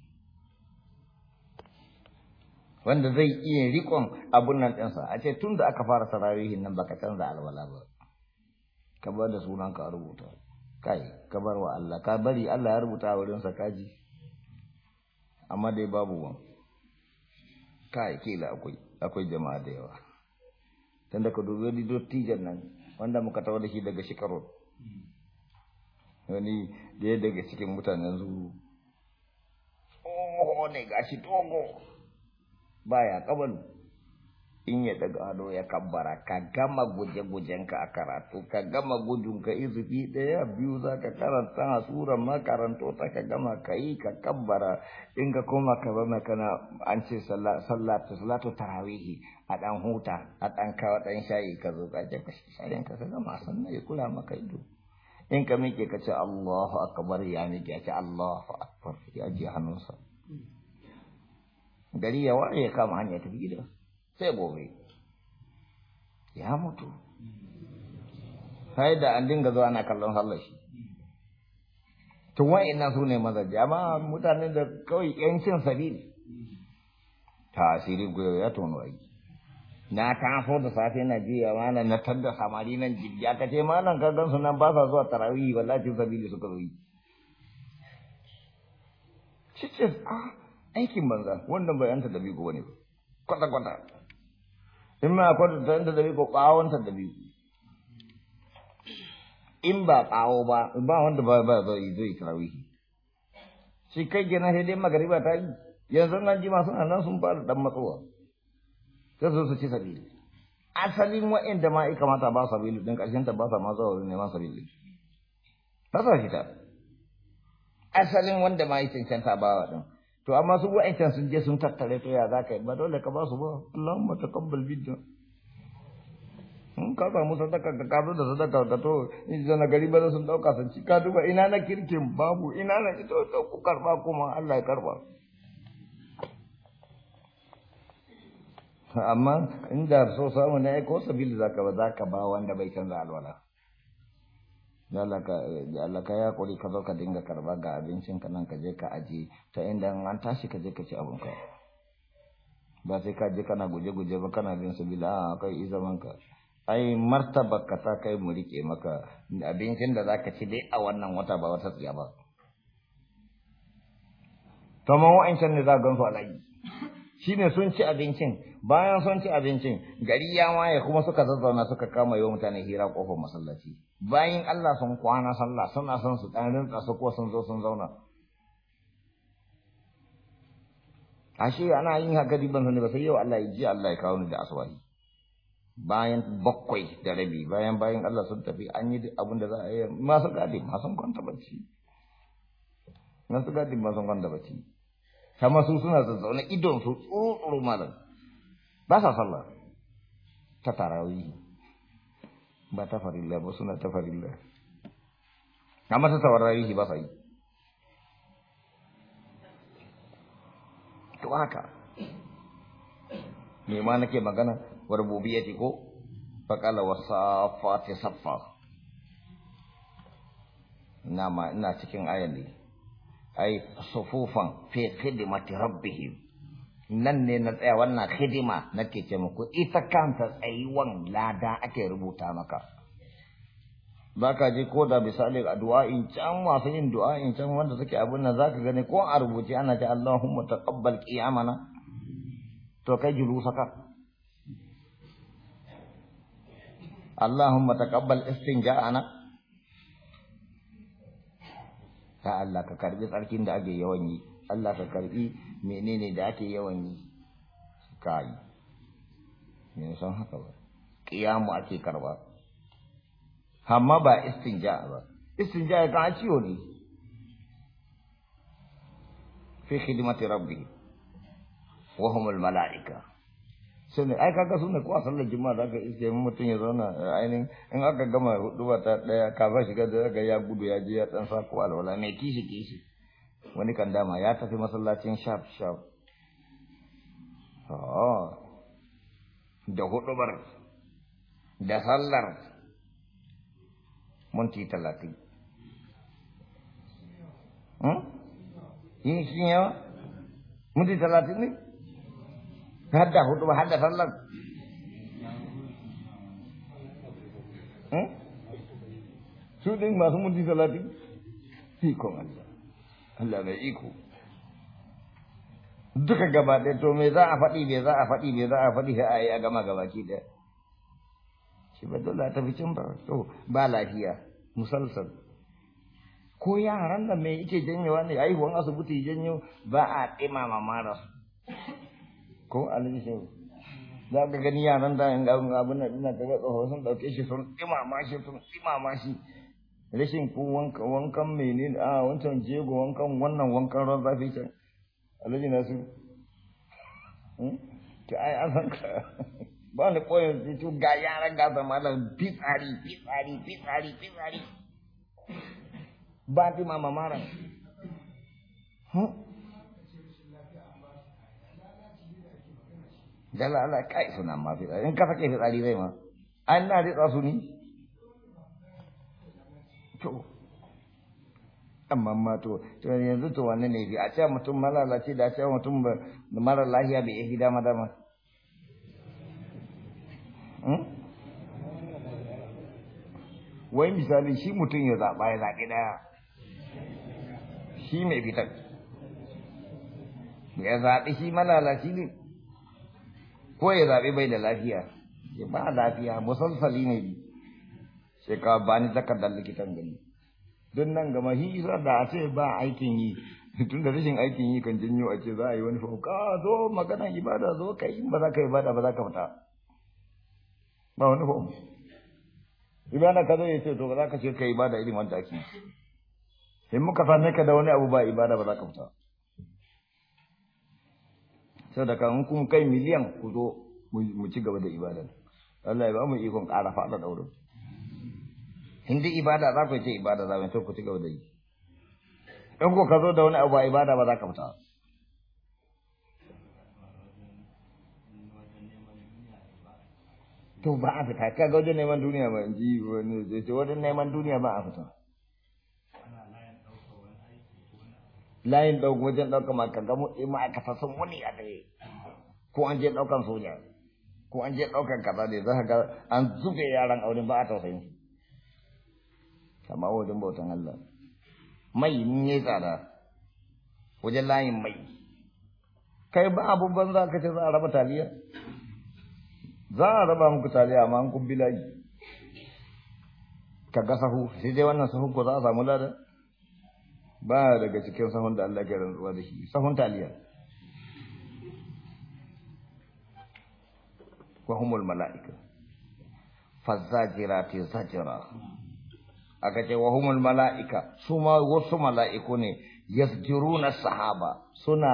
wanda zai iya rikon abun nan ɗinsa a ce tun da aka fara sararihin nan baka canza alwala ba ka bar da sunan ka rubuta kai ka bar wa Allah ka bari Allah ya rubuta wurin sa kaji amma dai babu wan kai kila akwai akwai jama'a da yawa tunda ka dubi dottijan nan wanda muka tawo da shi daga shikarot wani daya daga cikin mutanen zuru tsoho ne gashi togo baya kabalu in ya daga ado ya kabbara ka gama guje-gujenka a karatu ka gama gudunka izufi ɗaya biyu za ka karanta a suran makaranto ta ka gama ka yi ka kabbara in ka koma ka zama kana an ce sallatu sallatu tarawihi a ɗan huta a ɗan kawa dan shayi ka zo ka je ka shayin ka gama sannan ya kula maka ido in ka miƙe ka ce Allahu akbar ya miƙe ya ce Allahu akbar ya ji hannunsa gari ya waye ya kama hanya ta gida sai gobe ya mutu sai da an dinga zuwa ana kallon sallar shi to wa'annan su ne mazaje amma mutanen da kawai yancin sabili tasiri guyo ya tono aiki na taso da safe na jiya mana na tadda samari nan jirgiya ka ce malam ka gan su nan ba sa zuwa tarawih wallahi sabili suka zo yi cikin a ah, aikin banza wannan bai yanta da biyu bane kwata kwata in ma kwata ta yanta da biyu bawon ta da biyu in ba kawo ba ba wanda ba ba zai yi tarawih shi kai gina sai dai magariba ta yi yanzu nan ji masu nan sun fara dan matsuwa sai su ci sabili asalin wa'inda ma ya kamata ba sabili din ƙarshen ta ba sa ma zuwa wurin neman sabili ba sa fita asalin wanda ma ya cancanta ba wa din to amma su wa'incan sun je sun tattare to ya za ka yi ba dole ka ba su ba Allahumma taqabbal bidda in ka samu sadaka ka kazo da sadaka ka to in zana gari ba sun dauka sun ci ka duba ina na kirkin babu ina na ito to ku karba kuma Allah ya karba amma inda so samu aiko ko sabili zaka ba zaka ba wanda bai canza alwala Allah ka ya kuri ka zo ka dinga karba ga abincin ka nan ka je ka aji ta inda an tashi ka je ka ci abin ka ba sai ka je kana guje-guje ba kana bin sabila a ah, kai izaman ka ai martaba ka ta kai mu rike maka abincin da zaka ci dai a wannan wata ba wata tsiya ba to ma wa'ancan ne za ga su alayi shine sun ci abincin bayan sun ci abincin gari ya waye kuma suka zazzauna suka kama yi wa mutane hira kofar masallaci bayan Allah sun kwana sallah suna son su dan rinka su ko sun zo sun zauna ashe ana yin haka diban sun ba sai yau Allah ya ji Allah ya kawo ni da aswahi bayan bakwai da rabi bayan bayan Allah sun tafi an yi abin da za a yi masu gadi masu kwanta bacci masu gadi masu kwanta bacci kama su suna zazzauna idon su tsotsoro malam ba sa sallah ta tarawih ba ta farilla ba suna ta farilla amma ta tarawih ba sa yi to haka me ma nake magana warbubiyyati ko faqala wasafati saffa nama ina cikin ayan ne ai sufufan fi khidmati rabbihim nan ne na tsaya wannan hidima nake ce muku ita kanta tsayiwan lada ake rubuta maka baka ji ko da misali in can masu yin in can wanda suke abin nan zaka gani ko a rubuce ana ce Allahumma taqabbal qiyamana to kai julusaka Allahumma taqabbal istinja'ana ta Allah ka karbi tsarkin da ake yawan yi Allah ka karbi menene da ake yawan yi kai ne san haka ba kiyamu ake karba amma ba istinja ba istinja ka ciwo ne fi khidmati rabbi wa al malaika sun ai kaga sun ko kuwa sallar juma'a da ga iske mutun ya zauna eh, ainin in aka gama hudu ta daya ka ba ga da ya gudu ya je ya dan sako ko alwala ne kishi kishi wani kandama dama ya tafi masallacin shaf shaf oh. da hudubar da sallar munti talatin hmm? yin shi yawa talatin ne hudubar sallar hmm? su masu fi kuma Allah mai iko duka gaba ɗaya to me za a faɗi me za a faɗi me za a faɗi sai a yi a gama gabaki ɗaya shi ba dole ta tafi can ba to ba lafiya musalsal ko yaran da me yake janyewa ne haihuwan asibiti janyo ba a ɗimama mara ko alhaji shi za ka gani yaran da in abin nan ina ta ga tsoho sun ɗauke shi sun ma shi sun ma shi rashin ko wanka wankan mene a wancan jego wankan wannan wankan ruwan zafi can alhaji nasu ta hmm? ai an san ka ba ni koyon fito ga yaran zama malam fitsari fitsari fitsari fitsari ba ti mamara, maran Jalala hmm? kai suna mafi tsari in ka ke fitsari zai ma an na ritsa su ni to amma ma to to yanzu to wanne ne bi a ce mutum malalaci da a ce mutum mara lahiya bai yi dama dama hmm? wai misali shi mutum ya zaɓa ya zaɓi ɗaya shi mai fitar ya zaɓi shi malalaci ne ko ya zaɓi bai da lafiya ya ba lafiya musalsali ne bi sai ka bani takardar likitan gani don nan gama hisa da a ce ba aikin yi tun da rashin aikin yi kan janyo a ce za a yi wani fauka zo magana ibada zo ka yi ba za ka ibada ba za ka fita ba wani fauka ibada ka zo ya ce to ba za ka ce ka ibada irin wanda ake in muka same ka da wani abu ba ibada ba za ka fita sadaka da kun kai miliyan ku zo mu ci gaba da ibada Allah ya ba mu ikon ƙara faɗa da wurin in dai ibada za ku ce ibada za ku to ku ci gaba da yi in ku ka zo da wani abu ba ibada ba za ka fita to ba a fita ka ga wajen neman duniya ba in ji wani ce wajen neman duniya ba a fita layin ɗauka wajen ɗauka ma ka gamu eh, ma'aikata sun wani a ɗaya ko an je ɗaukan soja ko an je ɗaukan kaza ne za ka ga an zube yaran auren ba a tausayin su kamar wajen bautan Allah mai n'i yi tsada wajen layin mai kai ba abu ban za ka ce za a raba taliya za a raba muku taliya amma an kun bi layi ka ga sahu sai dai wannan sahun ko za a samu lada ba daga cikin sahun da Allah ke rantsuwa da shi sahun taliya wa humul mala'ika fazzajirati zajira aka ce wa humul mala'ika su ma wasu mala'iku ne yasjuruna sahaba suna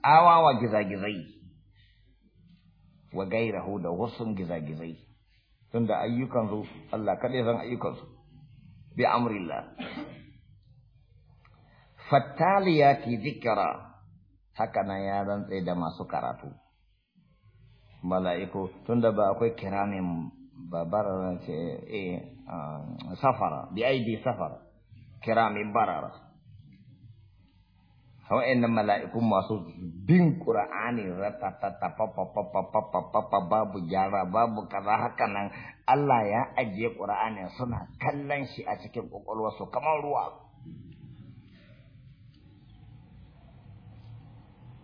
tsawawa gizagizai wa gairahu da wasu gizagizai tunda ayyukan Allah kaɗai san ayyukan su bi amrillah fattaliyati zikra haka nan ya rantse da masu karatu mala'iku tunda ba akwai kiramin babar ce eh safara bi aidi safara kiramin barara inna malaikum masu bin qur'ani ratatata pa babu jara babu kaza haka nan Allah ya ajiye qur'ani suna kallon shi a cikin su kamar ruwa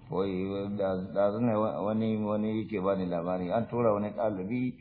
wai da wani wani yake bani labari an tura wani ɗalibi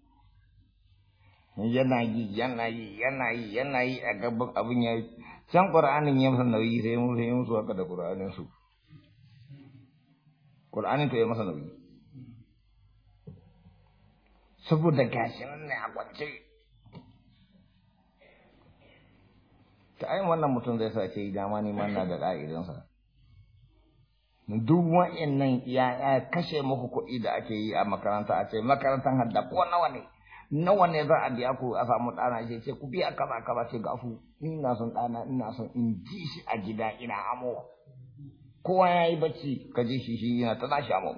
yana yi yana yi yana yi yana yi a gaban abin ya yi can ƙur'anin ya masa nauyi sai mun sai musu haka da ƙur'anin su to ya masa nauyi saboda gashi nan ne a kwance ta ayin wannan mutum zai sa ce dama ne man na da ƙa'idansa duk nan ya kashe muku kuɗi da ake yi a makaranta a ce makarantar hadda ko nawa ne na ne za a biya ku a samu ɗana ce ce ku biya kaza kaza ce gafu ina son ɗana ina son in ji shi a gida ina amo kowa ya yi bacci ka ji shi shi yana ta tashi amo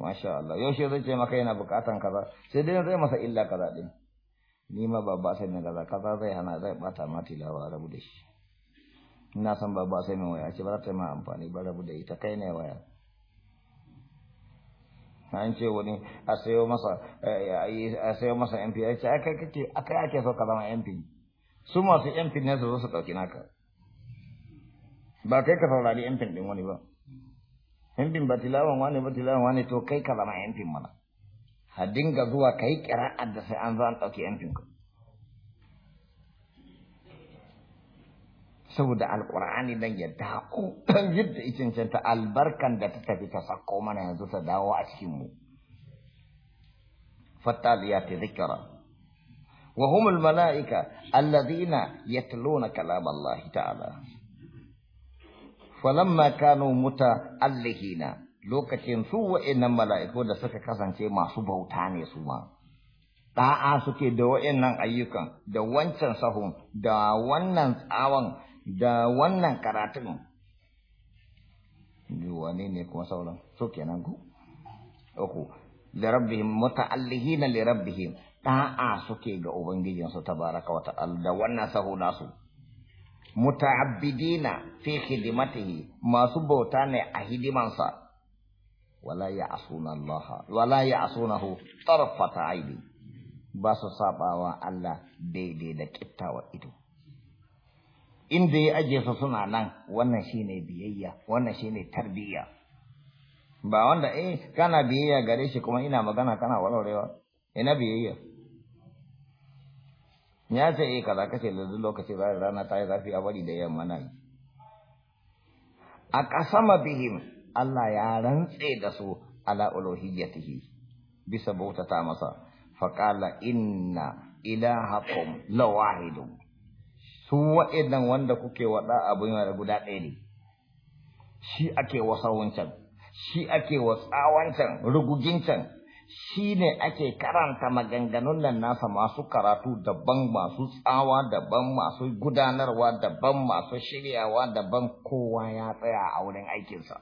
masha Allah yaushe zai ce maka yana bukatan kaza sai dai zai masa illa kaza din ni ma ba ba sai ne kaza kaza zai hana zai bata ma tilawa rabu da shi ina son ba ba sai mai waya ce ba za ta yi ma amfani ba rabu da ita kai ne waya an ce wani a sayo masa eh, a sayo masa MP ya ce ai kai kake a kai ake so ka zama MP su masu MP ne su zo su dauki naka ba kai ka saurari MP din wani ba MP ba tilawan wani ba tilawan wani to kai ka zama MP mana a dinga zuwa kai kira'ar da sai an zo an dauki MP ka saboda alkur'ani nan ya dako kan yadda ya cancanta albarkan da ta tafi ta sako mana yanzu ta dawo a cikin mu fattaliyati dhikra wa al malaika alladhina yatluna kalam Allah ta'ala falamma kanu muta'allihina lokacin su wa'annan mala'iku da suka kasance masu bauta ne su ma da'a suke da wa'annan ayyukan da wancan sahun da wannan tsawon da wannan karatun wane ne kuma sauran so kenan ku uku da rabbihim na li rabbihim da'a suke ga ubangijin su baraka wa ta'ala da wannan sahu nasu muta'abbidina fi khidmatihi masu bauta ne a hidimansa wala asuna Allah wala ya'sunahu tarfata ba su sabawa Allah daidai da kittawa ido inda ya ajiye su suna nan wannan shine biyayya wannan shine tarbiyya ba wanda eh kana biyayya gare shi kuma ina magana kana walaurewa ina biyayya ya ce eh kaza kace da duk lokaci ba rana ta yi zafi a bari da yamma na yi a kasama bihim Allah ya rantse da su ala uluhiyyatihi bisa ta masa faqala inna ilahakum lawahidun su waidan wanda kuke wada abin da guda ɗaya ne shi ake wasa shi ake wasa rugugincan shi ne ake karanta maganganun nan nasa masu karatu daban masu tsawa daban masu gudanarwa daban masu shiryawa daban kowa ya tsaya a wurin aikinsa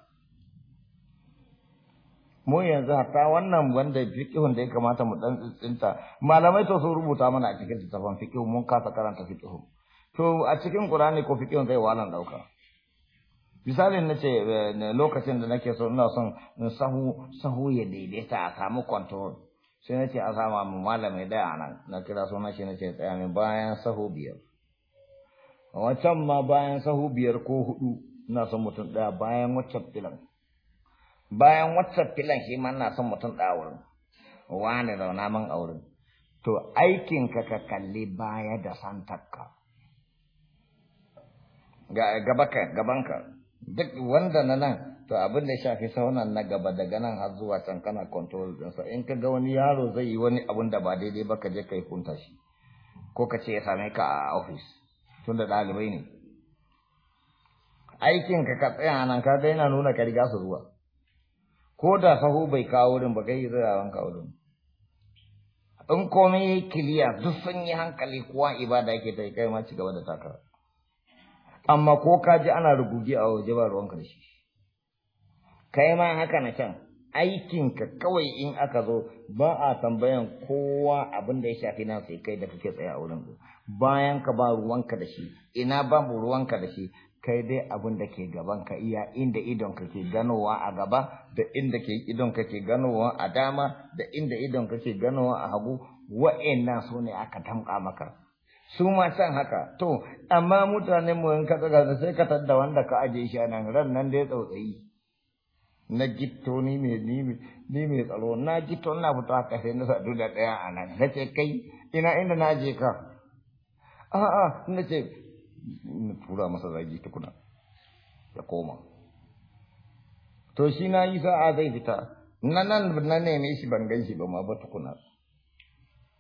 mu yanzu hatta wannan wanda fiqihun da ya kamata mu dan tsintsinta, malamai to sun rubuta mana a cikin littafin fiqihun mun kasa karanta fiqihun to a cikin Qur'ani ko fiqhun zai walan dauka misalin na ce eh, lokacin da nake so ina son sahu sahu ya daidaita a samu control sai ce a sama mu malamai a nan na kira na shi ce tsaya min bayan sahu biyar wancan ma bayan sahu biyar ko hudu ina son mutum daya bayan waccan filan bayan waccan filan shi ma ina son mutum daya wurin wani zauna man a wurin to aikinka ka kalli baya da santarka gabanka gabanka duk wanda na nan to abin da ya shafi saunan na gaba daga nan har zuwa can kana control din sa in ka ga wani yaro zai yi wani abun da ba daidai ba ka je kai kunta shi ko ka ce ya same ka a office tunda ɗalibai ne aikin ka ka tsaya nan ka daina yana nuna ka riga su zuwa ko da sahu bai kawo wurin ba kai zai kawo wurin in komai yi kiliya duk sun yi hankali kuwa ibada yake ta kai ma ci gaba da takara amma ko ka ji ana rugugi a waje ba ruwan karshe kai ma haka na can aikinka kawai in aka zo ba a tambayan kowa abin da ya shafi na sai kai da kake tsaye a wurin bayan ka ba ruwanka da shi ina babu ruwanka da shi kai dai abin da ke gaban ka iya inda idon ka ke ganowa a gaba da inda ke idon ka ke ganowa a dama da inda idon ka ke ganowa a hagu wa'annan sune aka tamka maka su ma can haka to amma mutanen mu in ka tsaga sai ka tadda wanda ka aje shi nan ran nan dai tsautsayi na gitto ni mai ni me tsaro na gitto na fita haka sai na sadu da ɗaya a nan na ce kai ina inda na je ka a'a na ce na tura masa zagi tukuna ya koma to shi na yi sa'a zai fita na nan na neme shi ban gan shi ba ma ba tukuna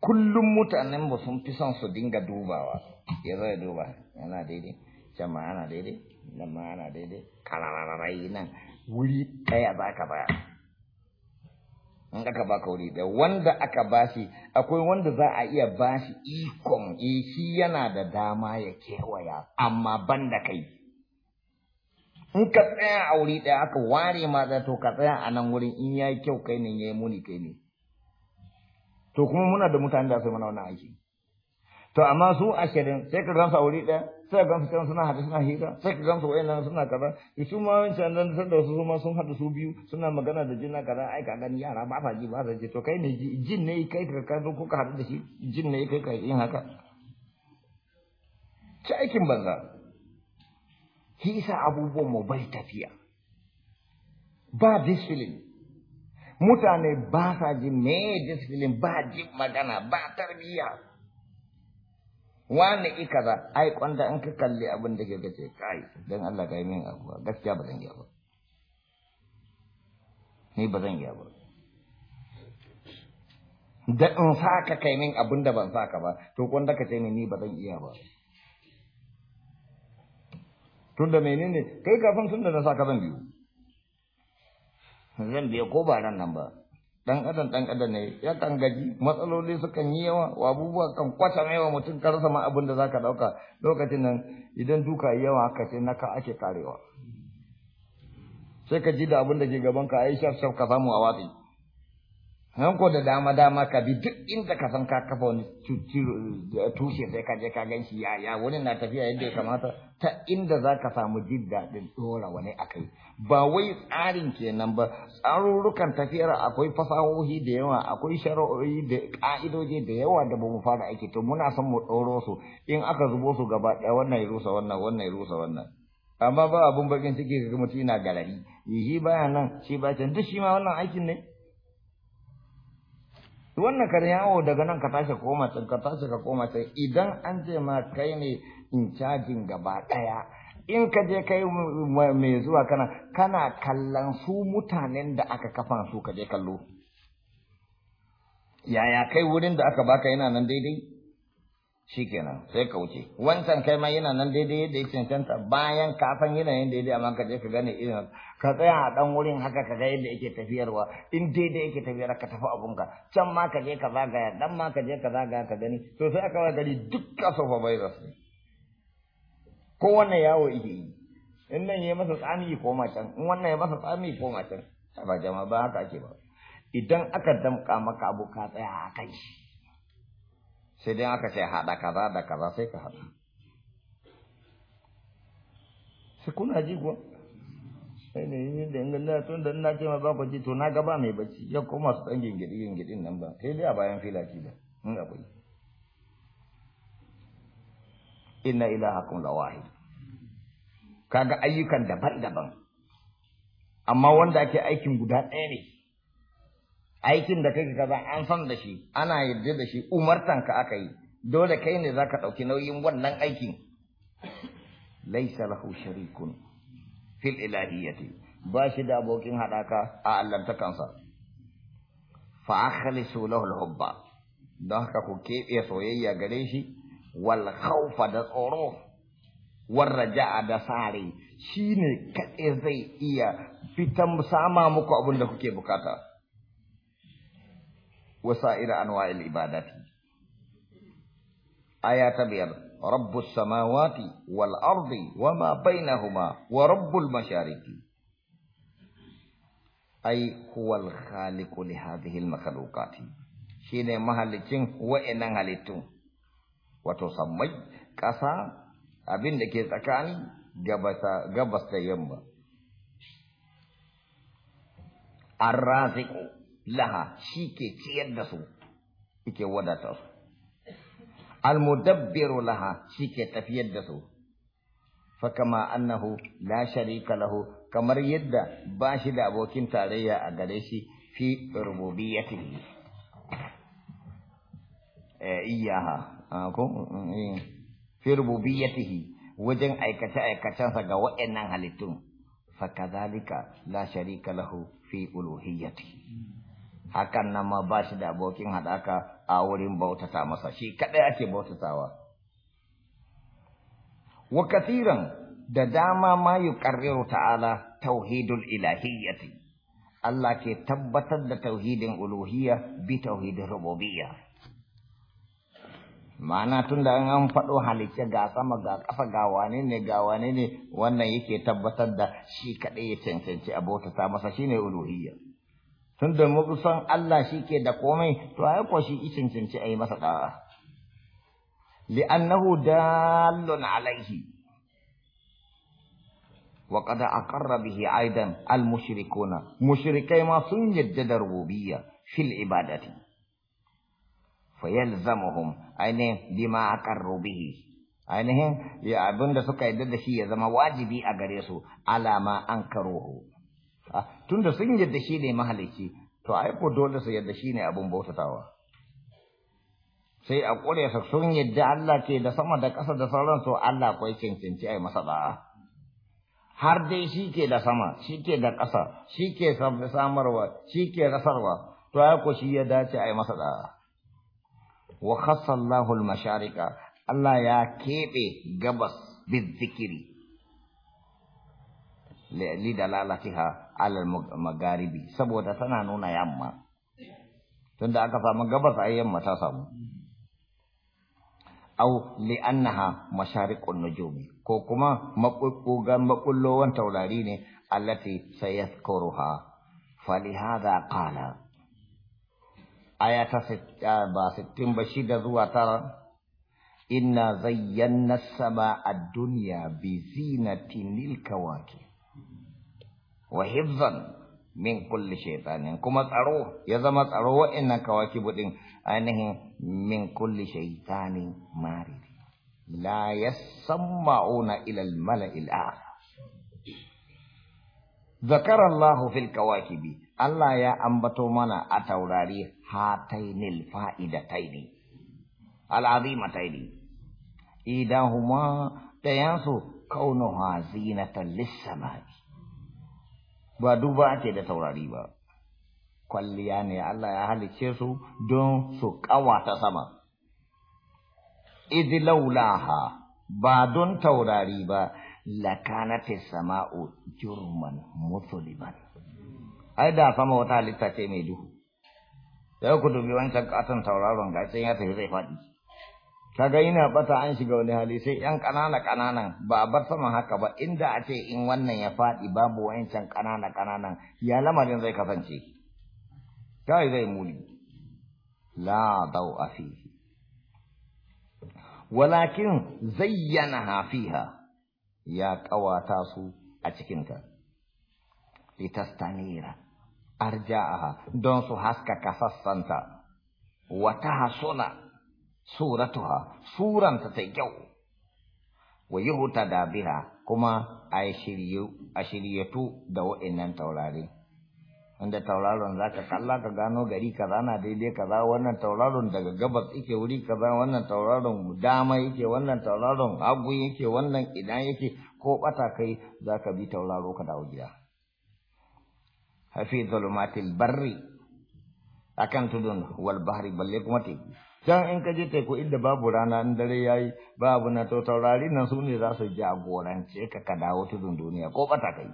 kullum mutanen ba sun fi son su dinga dubawa ya zai duba yana daidai can ma ana daidai nan ma ana daidai kararararai nan wuri ɗaya za ka baya in aka ka wuri ɗaya wanda aka bashi akwai wanda za a iya bashi ikon eh, shi yana da dama ya kewaya amma ban da kai in ka tsaya a wuri ɗaya aka ware ma to ka tsaya a nan wurin in ya yi kyau kai ne ya yi muni kai ne to kuma muna da mutane da su mana wannan aiki to amma su ashirin sai ka gansu a wuri ɗaya sai ka gansu can suna haɗu suna hira sai ka gansu wa'in suna kaza su ma can nan da su ma sun haɗu su biyu suna magana da juna kaza ai ka gani yara ba sa ji ba sa ji to kai ne jin ne kai ka ka ko ka haɗu da shi jin ne kai ka yin haka ci aikin banza kisa abubuwan mu bai tafiya ba discipline mutane ba sa ji me discipline ba ji magana ba tarbiyya wani ika kaza ai kwanda in ka kalli abin da ke gace kai dan Allah yi min abuwa gaskiya ba zan iya ba ni ba zan iya ba da in sa ka kai min abin da ban sa ka ba to kwanda ka ce ni ba zan iya ba tunda menene kai kafin sun da na sa ka zan biyu zan biya ko ba ran nan ba dan adam dan adam ne ya kan gaji matsaloli sukan yi yawa wa abubuwa kan kwata mai wa mutum ka rasa abin da za ka ɗauka lokacin nan idan duka yawa haka ce naka ake karewa sai ka ji da abin da ke gaban ka ai shaf shaf ka samu a watsi nan ko da dama dama ka bi duk inda ka san ka kafa wani tushe sai ka je ka gan shi yaya wani na tafiya yadda ya kamata ta inda za ka samu jin daɗin ɗora wani kai. ba wai tsarin kenan ba tsarurrukan tafiyar akwai fasahohi da yawa akwai shari'o'i da ƙa'idoji da yawa da ba mu fara aiki to muna son mu ɗoro su in aka zubo su gaba ɗaya wannan ya rusa wannan wannan ya rusa wannan amma ba abun bakin ciki ga mutum yana galari yi baya nan shi ba duk shi ma wannan aikin ne wannan ka yawo daga nan ka tashi koma can ka tashi ka koma can idan an ce ma kai ne in cajin gaba ɗaya in ka je kai mai zuwa kana kana kallon su mutanen da aka kafa su ka je kallo yaya kai wurin da aka baka yana nan daidai kenan sai ka wuce wancan kai ma yana nan daidai yadda ya cancanta bayan ka san yanayin daidai amma ka je ka gane irin ka tsaya a ɗan wurin haka ka ga yadda yake tafiyarwa in daidai yake tafiyar ka tafi abun ka. can ma ka je ka zagaya dan ma ka je ka zagaya ka gani to sai aka gari duk kasofa virus ne kowanne yawo yake yi in nan ya masa tsami ko can in wannan ya masa tsami ko can ba jama'a ba haka ake ba idan aka damka maka abu ka tsaya a kai shi sai dai aka ce haɗa kaza da kaza sai ka haɗa sai kuna ji kuwa sai ne yin da inganta tun da ina ce ma ba ku ji to na gaba mai bacci ya koma su ɗan gingiri gingirin nan ba sai dai a bayan ci da in akwai inna ilahakum lawahid kaga ayyukan daban-daban amma wanda ake aikin guda ɗaya eh, ne aikin da kake kaza an san da shi ana yarda da shi umartanka aka yi dole kai ne zaka ɗauki nauyin wannan aikin laysa lahu sharikun fil ilahiyyati ba shi da abokin haɗaka a allantakansa fa akhlisu lahu al-hubba don haka ku keɓe soyayya gare shi wal khawfa da tsoro war raja'a da sare shine kaɗai zai iya fitan sama muku abin da kuke bukata وسائر أنواع العبادات آيات بير رب السماوات والأرض وما بينهما ورب المشارك أي هو الخالق لهذه المخلوقات شين مهلكين وإن هلتون وتسمي كسا أبين لكي تكاني tsakani gabas الرازق laha shi ke ciyar da su yake wadata su almudabbiru laha shi ke tafiyar da su fakama annahu la sharika lahu kamar yadda ba shi da abokin tarayya a gare shi fi rububiyyatihi e, iyaha ko e, fi rububiyyatihi wajen aikace-aikacensa ga waɗannan halittun, fakazalika la sharika lahu fi uluhiyyati. hakan nan ma ba shi da abokin haɗaka a wurin bautata masa shi kaɗai ake bautatawa wa kathiran da dama ma yuqarriru ta'ala tauhidul ilahiyyati Allah ke tabbatar da tauhidin uluhiyya bi tauhidir rububiyya ma'ana tun da an faɗo halicce ga sama ga ƙasa, ga wane ne ga wane ne wannan yake tabbatar da shi kaɗai ya cancanci abota ta masa shine uluhiyya tun da mu san Allah shi ke da komai to ai ko shi a ai masa da'a li'annahu dallun alaihi wa qad aqarra bihi aidan al mushrikuna mushrikai ma sun yadda da rububiyya fil ibadati fayalzamuhum ainihin bima aqarru bihi ainihin ya abin da suka yarda da shi ya zama wajibi a gare su alama an karohu Ah, tunda sun yadda shi ne mahalicci to ai ko dole su yadda shi ne abin bautatawa sai a ƙure su sun yadda Allah ke da sama da ƙasa da sauran to Allah akwai cancanci ai masa da'a har dai shi ke da sama shi ke da ƙasa shi ke samarwa shi ke rasarwa to ai ko shi ya dace ai masa da'a wa khassa al-mashariqa Allah ya keɓe gabas zikiri. لدلالتها على المغارب سبوتا تنا نونا يما تندا اكفا مغبط ايما تاسم او لانها مشارق النجوم كوكما مقوقو غمب كلوان تولارين التي سيذكرها فلهذا قال ايات ستابا ستين بشيدة ذو اتارا إنا زينا السماء الدنيا بزينة للكواكب وحفظا من كل شيطان كمت أروه يزمت أروه إن كواكب أنه من كل شيطان مارد لا يسمعون إلى الملأ الآخر ذكر الله في الكواكب الله يا أنبتو منا أتوراري هاتين الفائدتين تيني إذا هما تيانسو كونها زينة للسماء ba duba ake da taurari ba kwalliya ne Allah ya halice su don su ƙawata sama laulaha ba don taurari ba lakanati sama'u jurman musuliman ai da sama wata halitta ce mai duhu sai ku dubi wancan katon tauraron ga ya tafi zai faɗi kaga ina bata an shiga wani hali sai yan kanana ƙananan ba a bar sama haka ba inda a ce in wannan ya faɗi babu wayancan kanana kananan ya lamarin zai kasance kai zai muni la daw fihi walakin zayyana Hafiha ya kawata su a cikinta litastanira arja'aha don su haskaka sassanta wa tahsuna suratuha suranta ta kyau wa yuhta da biha kuma a shiryu a da wa'annan taurari wanda tauraron zaka kalla ka gano gari kaza na daidai kaza wannan tauraron daga gabas yake wuri kaza wannan tauraron dama yake wannan tauraron hagu yake wannan ina yake ko bata kai zaka bi tauraro ka dawo gida hafi zulumatil barri akan tudun wal bahri balle kuma teku can in ka je teku inda babu rana in dare ya yayi babu na to taurari nan su ne za su jagorance ka ka dawo tudun duniya ko bata kai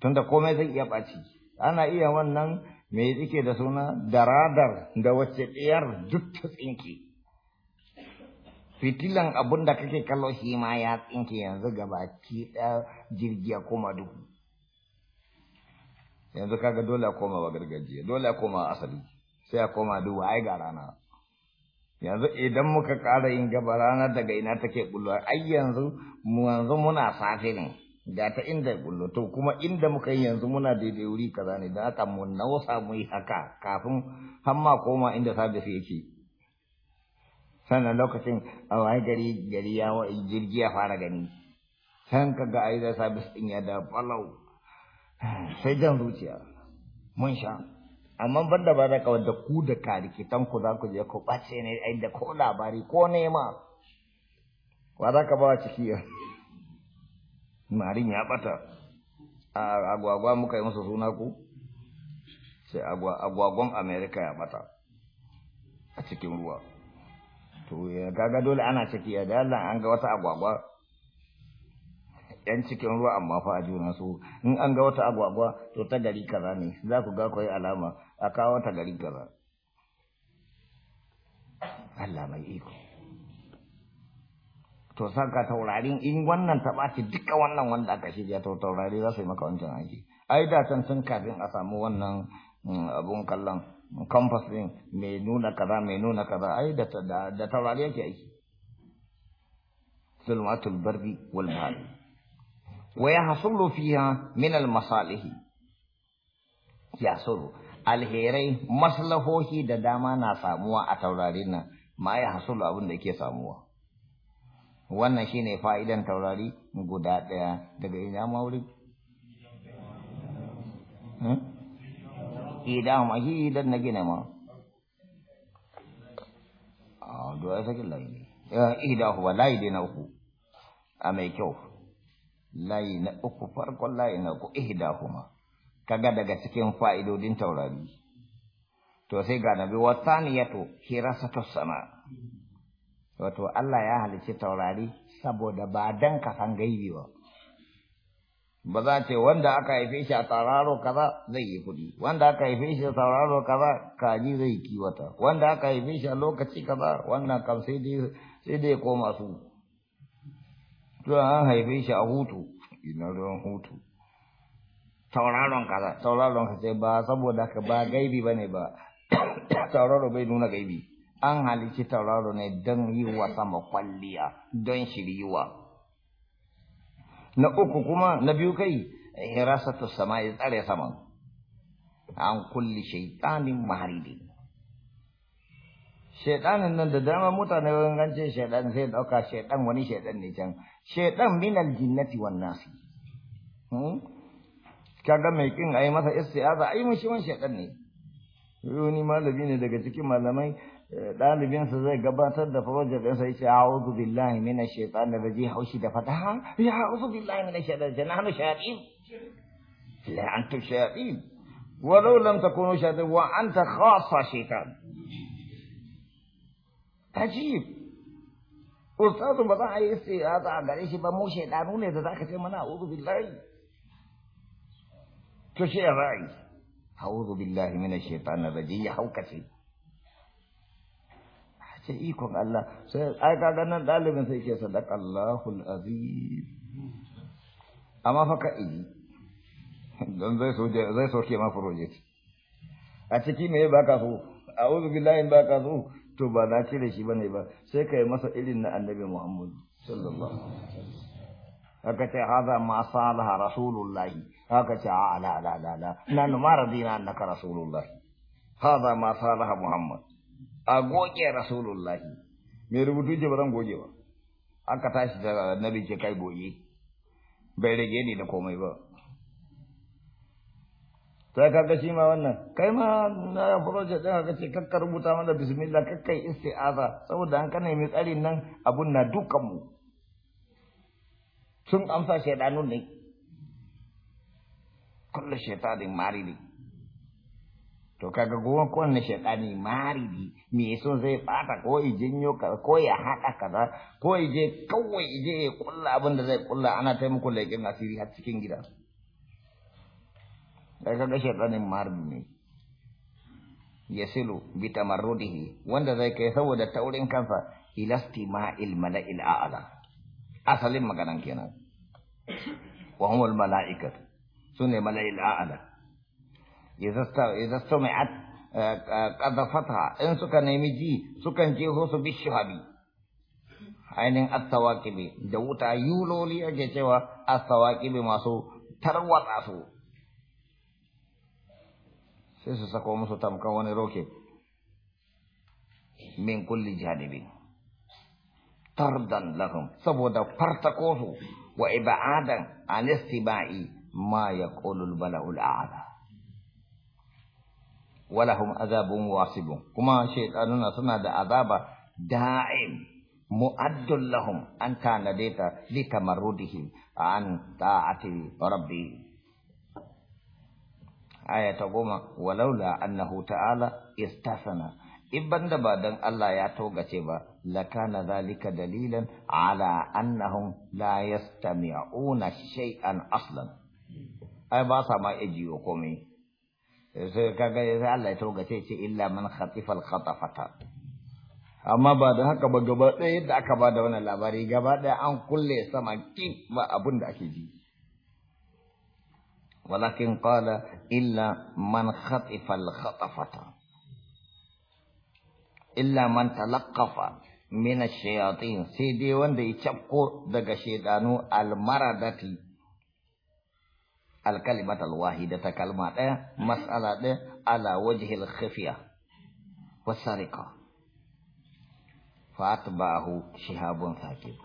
tunda komai zai iya ɓaci ana iya wannan me yake da suna daradar da wacce ɗiyar duk ta tsinke fitilan abun da kake kallo shi ma ya tsinke yanzu gabaki ɗaya jirgi a koma duhu yanzu kaga dole a koma wa gargajiya dole a koma asali sai a koma duhu ai ga rana yanzu idan muka ƙara yin gaba ranar daga ina take bullo ai yanzu yanzu muna safe ne ga ta inda bullo to kuma inda muka yi yanzu muna daidai wuri kaza ne da haka mu nausa mu yi haka kafin har ma koma inda sabis yake sannan lokacin a wani gari gari ya jirgi ya fara gani san ka ga ai da sabis din ya da falau sai jan zuciya mun sha amma ban da ba da kawar da ku da karikitan ku za ku je ku ɓace ne a inda ko labari ko nema wa za ka ba wa ciki marin ya ɓata a agwagwa muka yi masa suna ku sai agwagwan amerika ya ɓata a cikin ruwa to ya gaga dole ana ciki ya dalla an ga wata agwagwa yan cikin ruwa amma fa a juna su in an ga wata agwagwa to ta gari kaza ne za ku ga koyi alama a kawo ta gari gaba Allah mai iko to saka taurarin in wannan ta ɓaci duka wannan wanda aka shirya ya taurari za su yi maka wancan aiki ai da can sun kafin a samu wannan mm, abun kallon compass din mai nuna kaza mai nuna kaza ai da da taurari yake aiki sulmatul Barbi wal bahri wa yahsulu fiha min al Ya suru. alherai maslahohi da dama na samuwa a taurarin nan ma ya hasulu abin da yake samuwa wannan shine fa'idan taurari guda ɗaya daga ina mauri idan ma hmm? idan na gina ma a doya sakin layi ne idan huwa layi dai uku a mai kyau layi na uku farkon layi na uku ihda kuma kaga daga cikin fa'idodin taurari to sai ga nabi wasaniyatu hirasatu sama wato Allah ya halice taurari saboda ba dan ka san gaibi ba ba za ce wanda aka haife shi a tauraro kaza zai yi kuɗi wanda aka haife shi a tauraro kaza kaji zai kiwata wanda aka haife shi a lokaci kaza wannan kam sai dai sai dai koma su to an haife shi a hutu idan ruwan hutu sauraron kaza sauraron ka ce ba saboda ka ba gaibi bane ba sauraro bai nuna gaibi an halici tauraro ne don yi wa sama kwalliya don shiriwa na uku kuma na biyu kai hirasatu sama ya tsare saman an kulli shaitanin maharidi shaitanin nan da dama mutane gance shaitan sai dauka shaitan wani shaitan ne can shaitan minal jinnati wan nasi hmm? kaga mai kin ayi masa istiaza ai mun shi man shedan ne wani malami ne daga cikin malamai dalibin sa zai gabatar da project ɗinsa ya ce a'udhu billahi minash shaitanir rajim haushi da fata ya a'udhu billahi minash shaitanir rajim nahnu shayatin la antum shayatin walau lam takunu shayatin wa anta khassa shaitan tajib ustazu ba za a yi istiaza a gare shi ba mu shaidanu ne da zaka ce mana a'udhu billahi تشيء رأي أعوذ بالله من الشيطان الرجيم أو كثير حتى إيكم الله سيئت آيات أنا دالي من سيكي صدق الله العظيم أما فكا إيه زي سوجي زي سوكي ما فروجيت أتي كي مي باكاثو أعوذ بالله إن باكاثو توبا لا كي لشي بني با سيكي الله عليه الله haka ce a ala ala ala la na numa radina annaka rasulullahi hadha ma salaha muhammad a goge rasulullahi me rubutu ce ba zan goge ba aka tashi da nabi ce kai goge bai rage ni da komai ba sai kaga shi ma wannan kai ma na furoje din ka ce kakka rubuta mana bismillah kakka isti'aza saboda an kana mai tsarin nan abun na dukan mu sun amsa shaidanun ne kullu shaitanin maridi to kaga goma kullu shaitani maridi me yaso zai fata ko i ka ko ya haka kaza ko i je kawai i je ya kulla abin da zai kulla ana ta muku leƙin asiri har cikin gida da kaga shaitanin maridi ne yasilu bi tamarrudihi wanda zai kai saboda taurin kansa ilastima'il mala'il a'ala asalin maganan kenan wa huwa al mala'ikatu سنة ملائل أعلى إذا استمعت قذفتها إن سكا نمجي سكا جيهوس بالشهبي ainihin Kibe da wuta yuloli ake cewa Kibe masu tarwatsa su sai su sako musu tamkan wani roke min kulli janibi tardan lahum saboda fartako su wa ib'adan anistiba'i ما يقول البلاء الأعلى ولهم عذاب واصب كما شيطاننا سنة عذاب دائم مؤد لهم أن كان لتمردهم عن طاعة ربي آية تقوم ولولا أنه تعالى استثنى إبن دبادا الله يعتوق سبا لكان ذلك دليلا على أنهم لا يستمعون شيئا أصلا ai ba sa ma ajiyo komai sai kaga sai Allah ya togace ce illa man khatifa al khatafata amma ba da haka ba gaba ɗaya yadda aka ba da wannan labari gaba ɗaya an kulle sama kin ba abin da ake ji walakin qala illa man khatifa al khatafata illa man talaqafa min ash-shayatin sai dai wanda ya cafko daga shedanu al maradati الكلمة الواحدة كلمات مسألة على وجه الخفية والسرقة فأتبعه شهاب ثاقب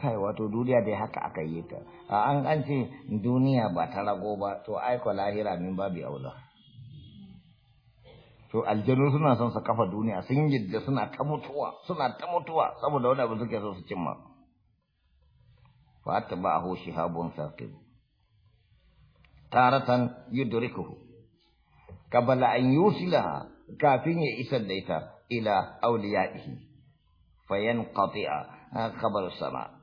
kai wato duniya dai haka aka yi ta a an an ce duniya ba ta rago ba to ai ko lahira min babu aula to aljanu suna son su kafa duniya sun yadda suna ta mutuwa suna ta mutuwa saboda wani abu suke so su cimma fa atba'ahu shihabun saqib taratan yudrikuhu qabla an yusila kafin ya isar da ita ila awliyaihi yanqati'a khabar sama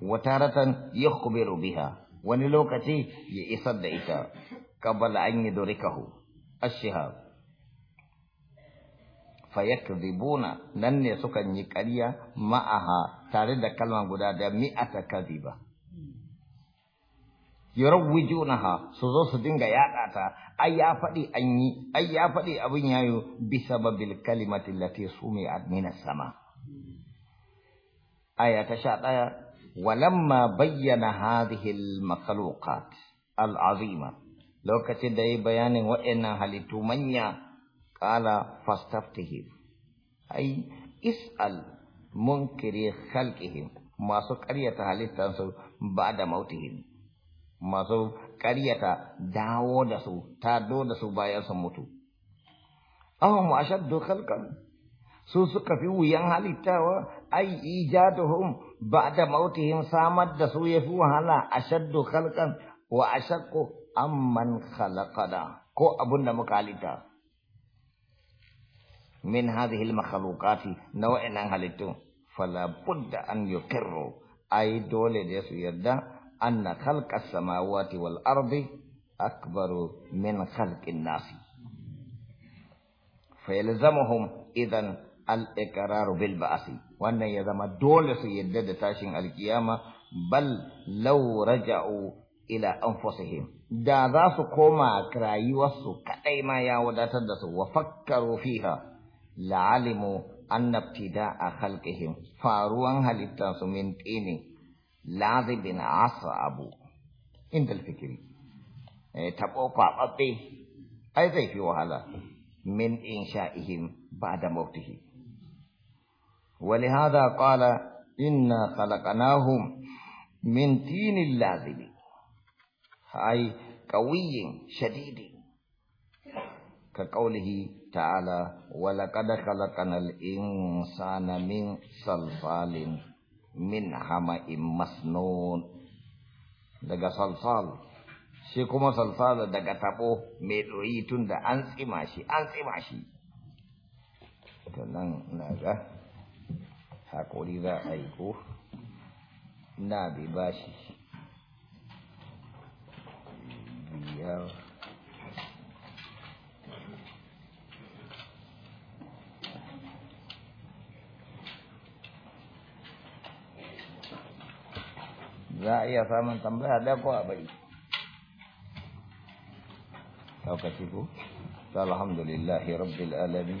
wa taratan yukhbiru biha wani lokaci ya isar da ita qabla an yudrikahu ashihab shihab fayakdhibuna nan ne sukan yi ƙarya ma'aha tare da kalman guda da mi'ata kadhiba yurawwijunha su zo su dinga yaɗa ta ai ya faɗi an yi ai ya faɗi abin yayo bi sababil kalimati allati sumi'at min sama aya ta sha ɗaya walamma bayyana hadhihi al-makhluqat al-azima lokacin da yi bayanin wa'annan halittu manya qala fastaftihi ai is'al munkiri khalqihim masu ƙaryata halittansu ba da mautihim masu ƙaryata dawo da su tado da su bayan sun mutu ahum ashaddu khalqan su suka fi wuyan halittawa ai ijaduhum ba'da mautihin samar da su yafi wahala shaddu kalkan wa ashaqqu amman khalaqana ko abun da muka halitta min hadhihi al-makhluqati nawa'in halittu fala budda an yuqirru ai dole da su yarda أن خلق السماوات والأرض أكبر من خلق الناس فيلزمهم إذا الإقرار بالبعث وأن يزم الدول سيدد تاشن القيامة بل لو رجعوا إلى أنفسهم دادا ذاس كراي وسو كأيما يا وداتدس وفكروا فيها لعلموا أن ابتداء خلقهم فاروان هل من تيني لازم بن عصا ابو انت الفكر إيه، تبقى قاب ابي اي زي في وهلا من انشائهم بعد موته ولهذا قال انا خلقناهم من تين اللازم اي قوي شديد كقوله تعالى ولقد خلقنا الانسان من صلصال min hama masnun daga salsal shi kuma salsala daga tabo mai doyi tunda da an tsima shi an tsima shi to nan na ga hakuri za a yi ko na bi bashi biyar za a iya samun tambaya da ko a bari lokaci ko alhamdulillahi rabbil alamin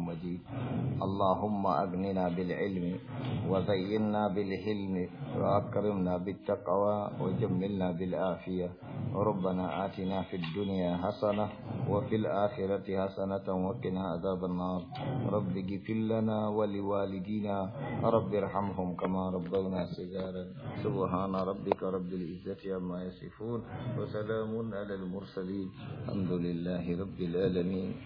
مجيد اللهم أغننا بالعلم وزيننا بالحلم وأكرمنا بالتقوى وجملنا بالعافية ربنا آتنا في الدنيا حسنة وفي الآخرة حسنة وقنا عذاب النار رب اغفر لنا ولوالدينا رب ارحمهم كما ربونا صغارا سبحان ربك رب العزة عما يصفون وسلام على المرسلين الحمد لله رب العالمين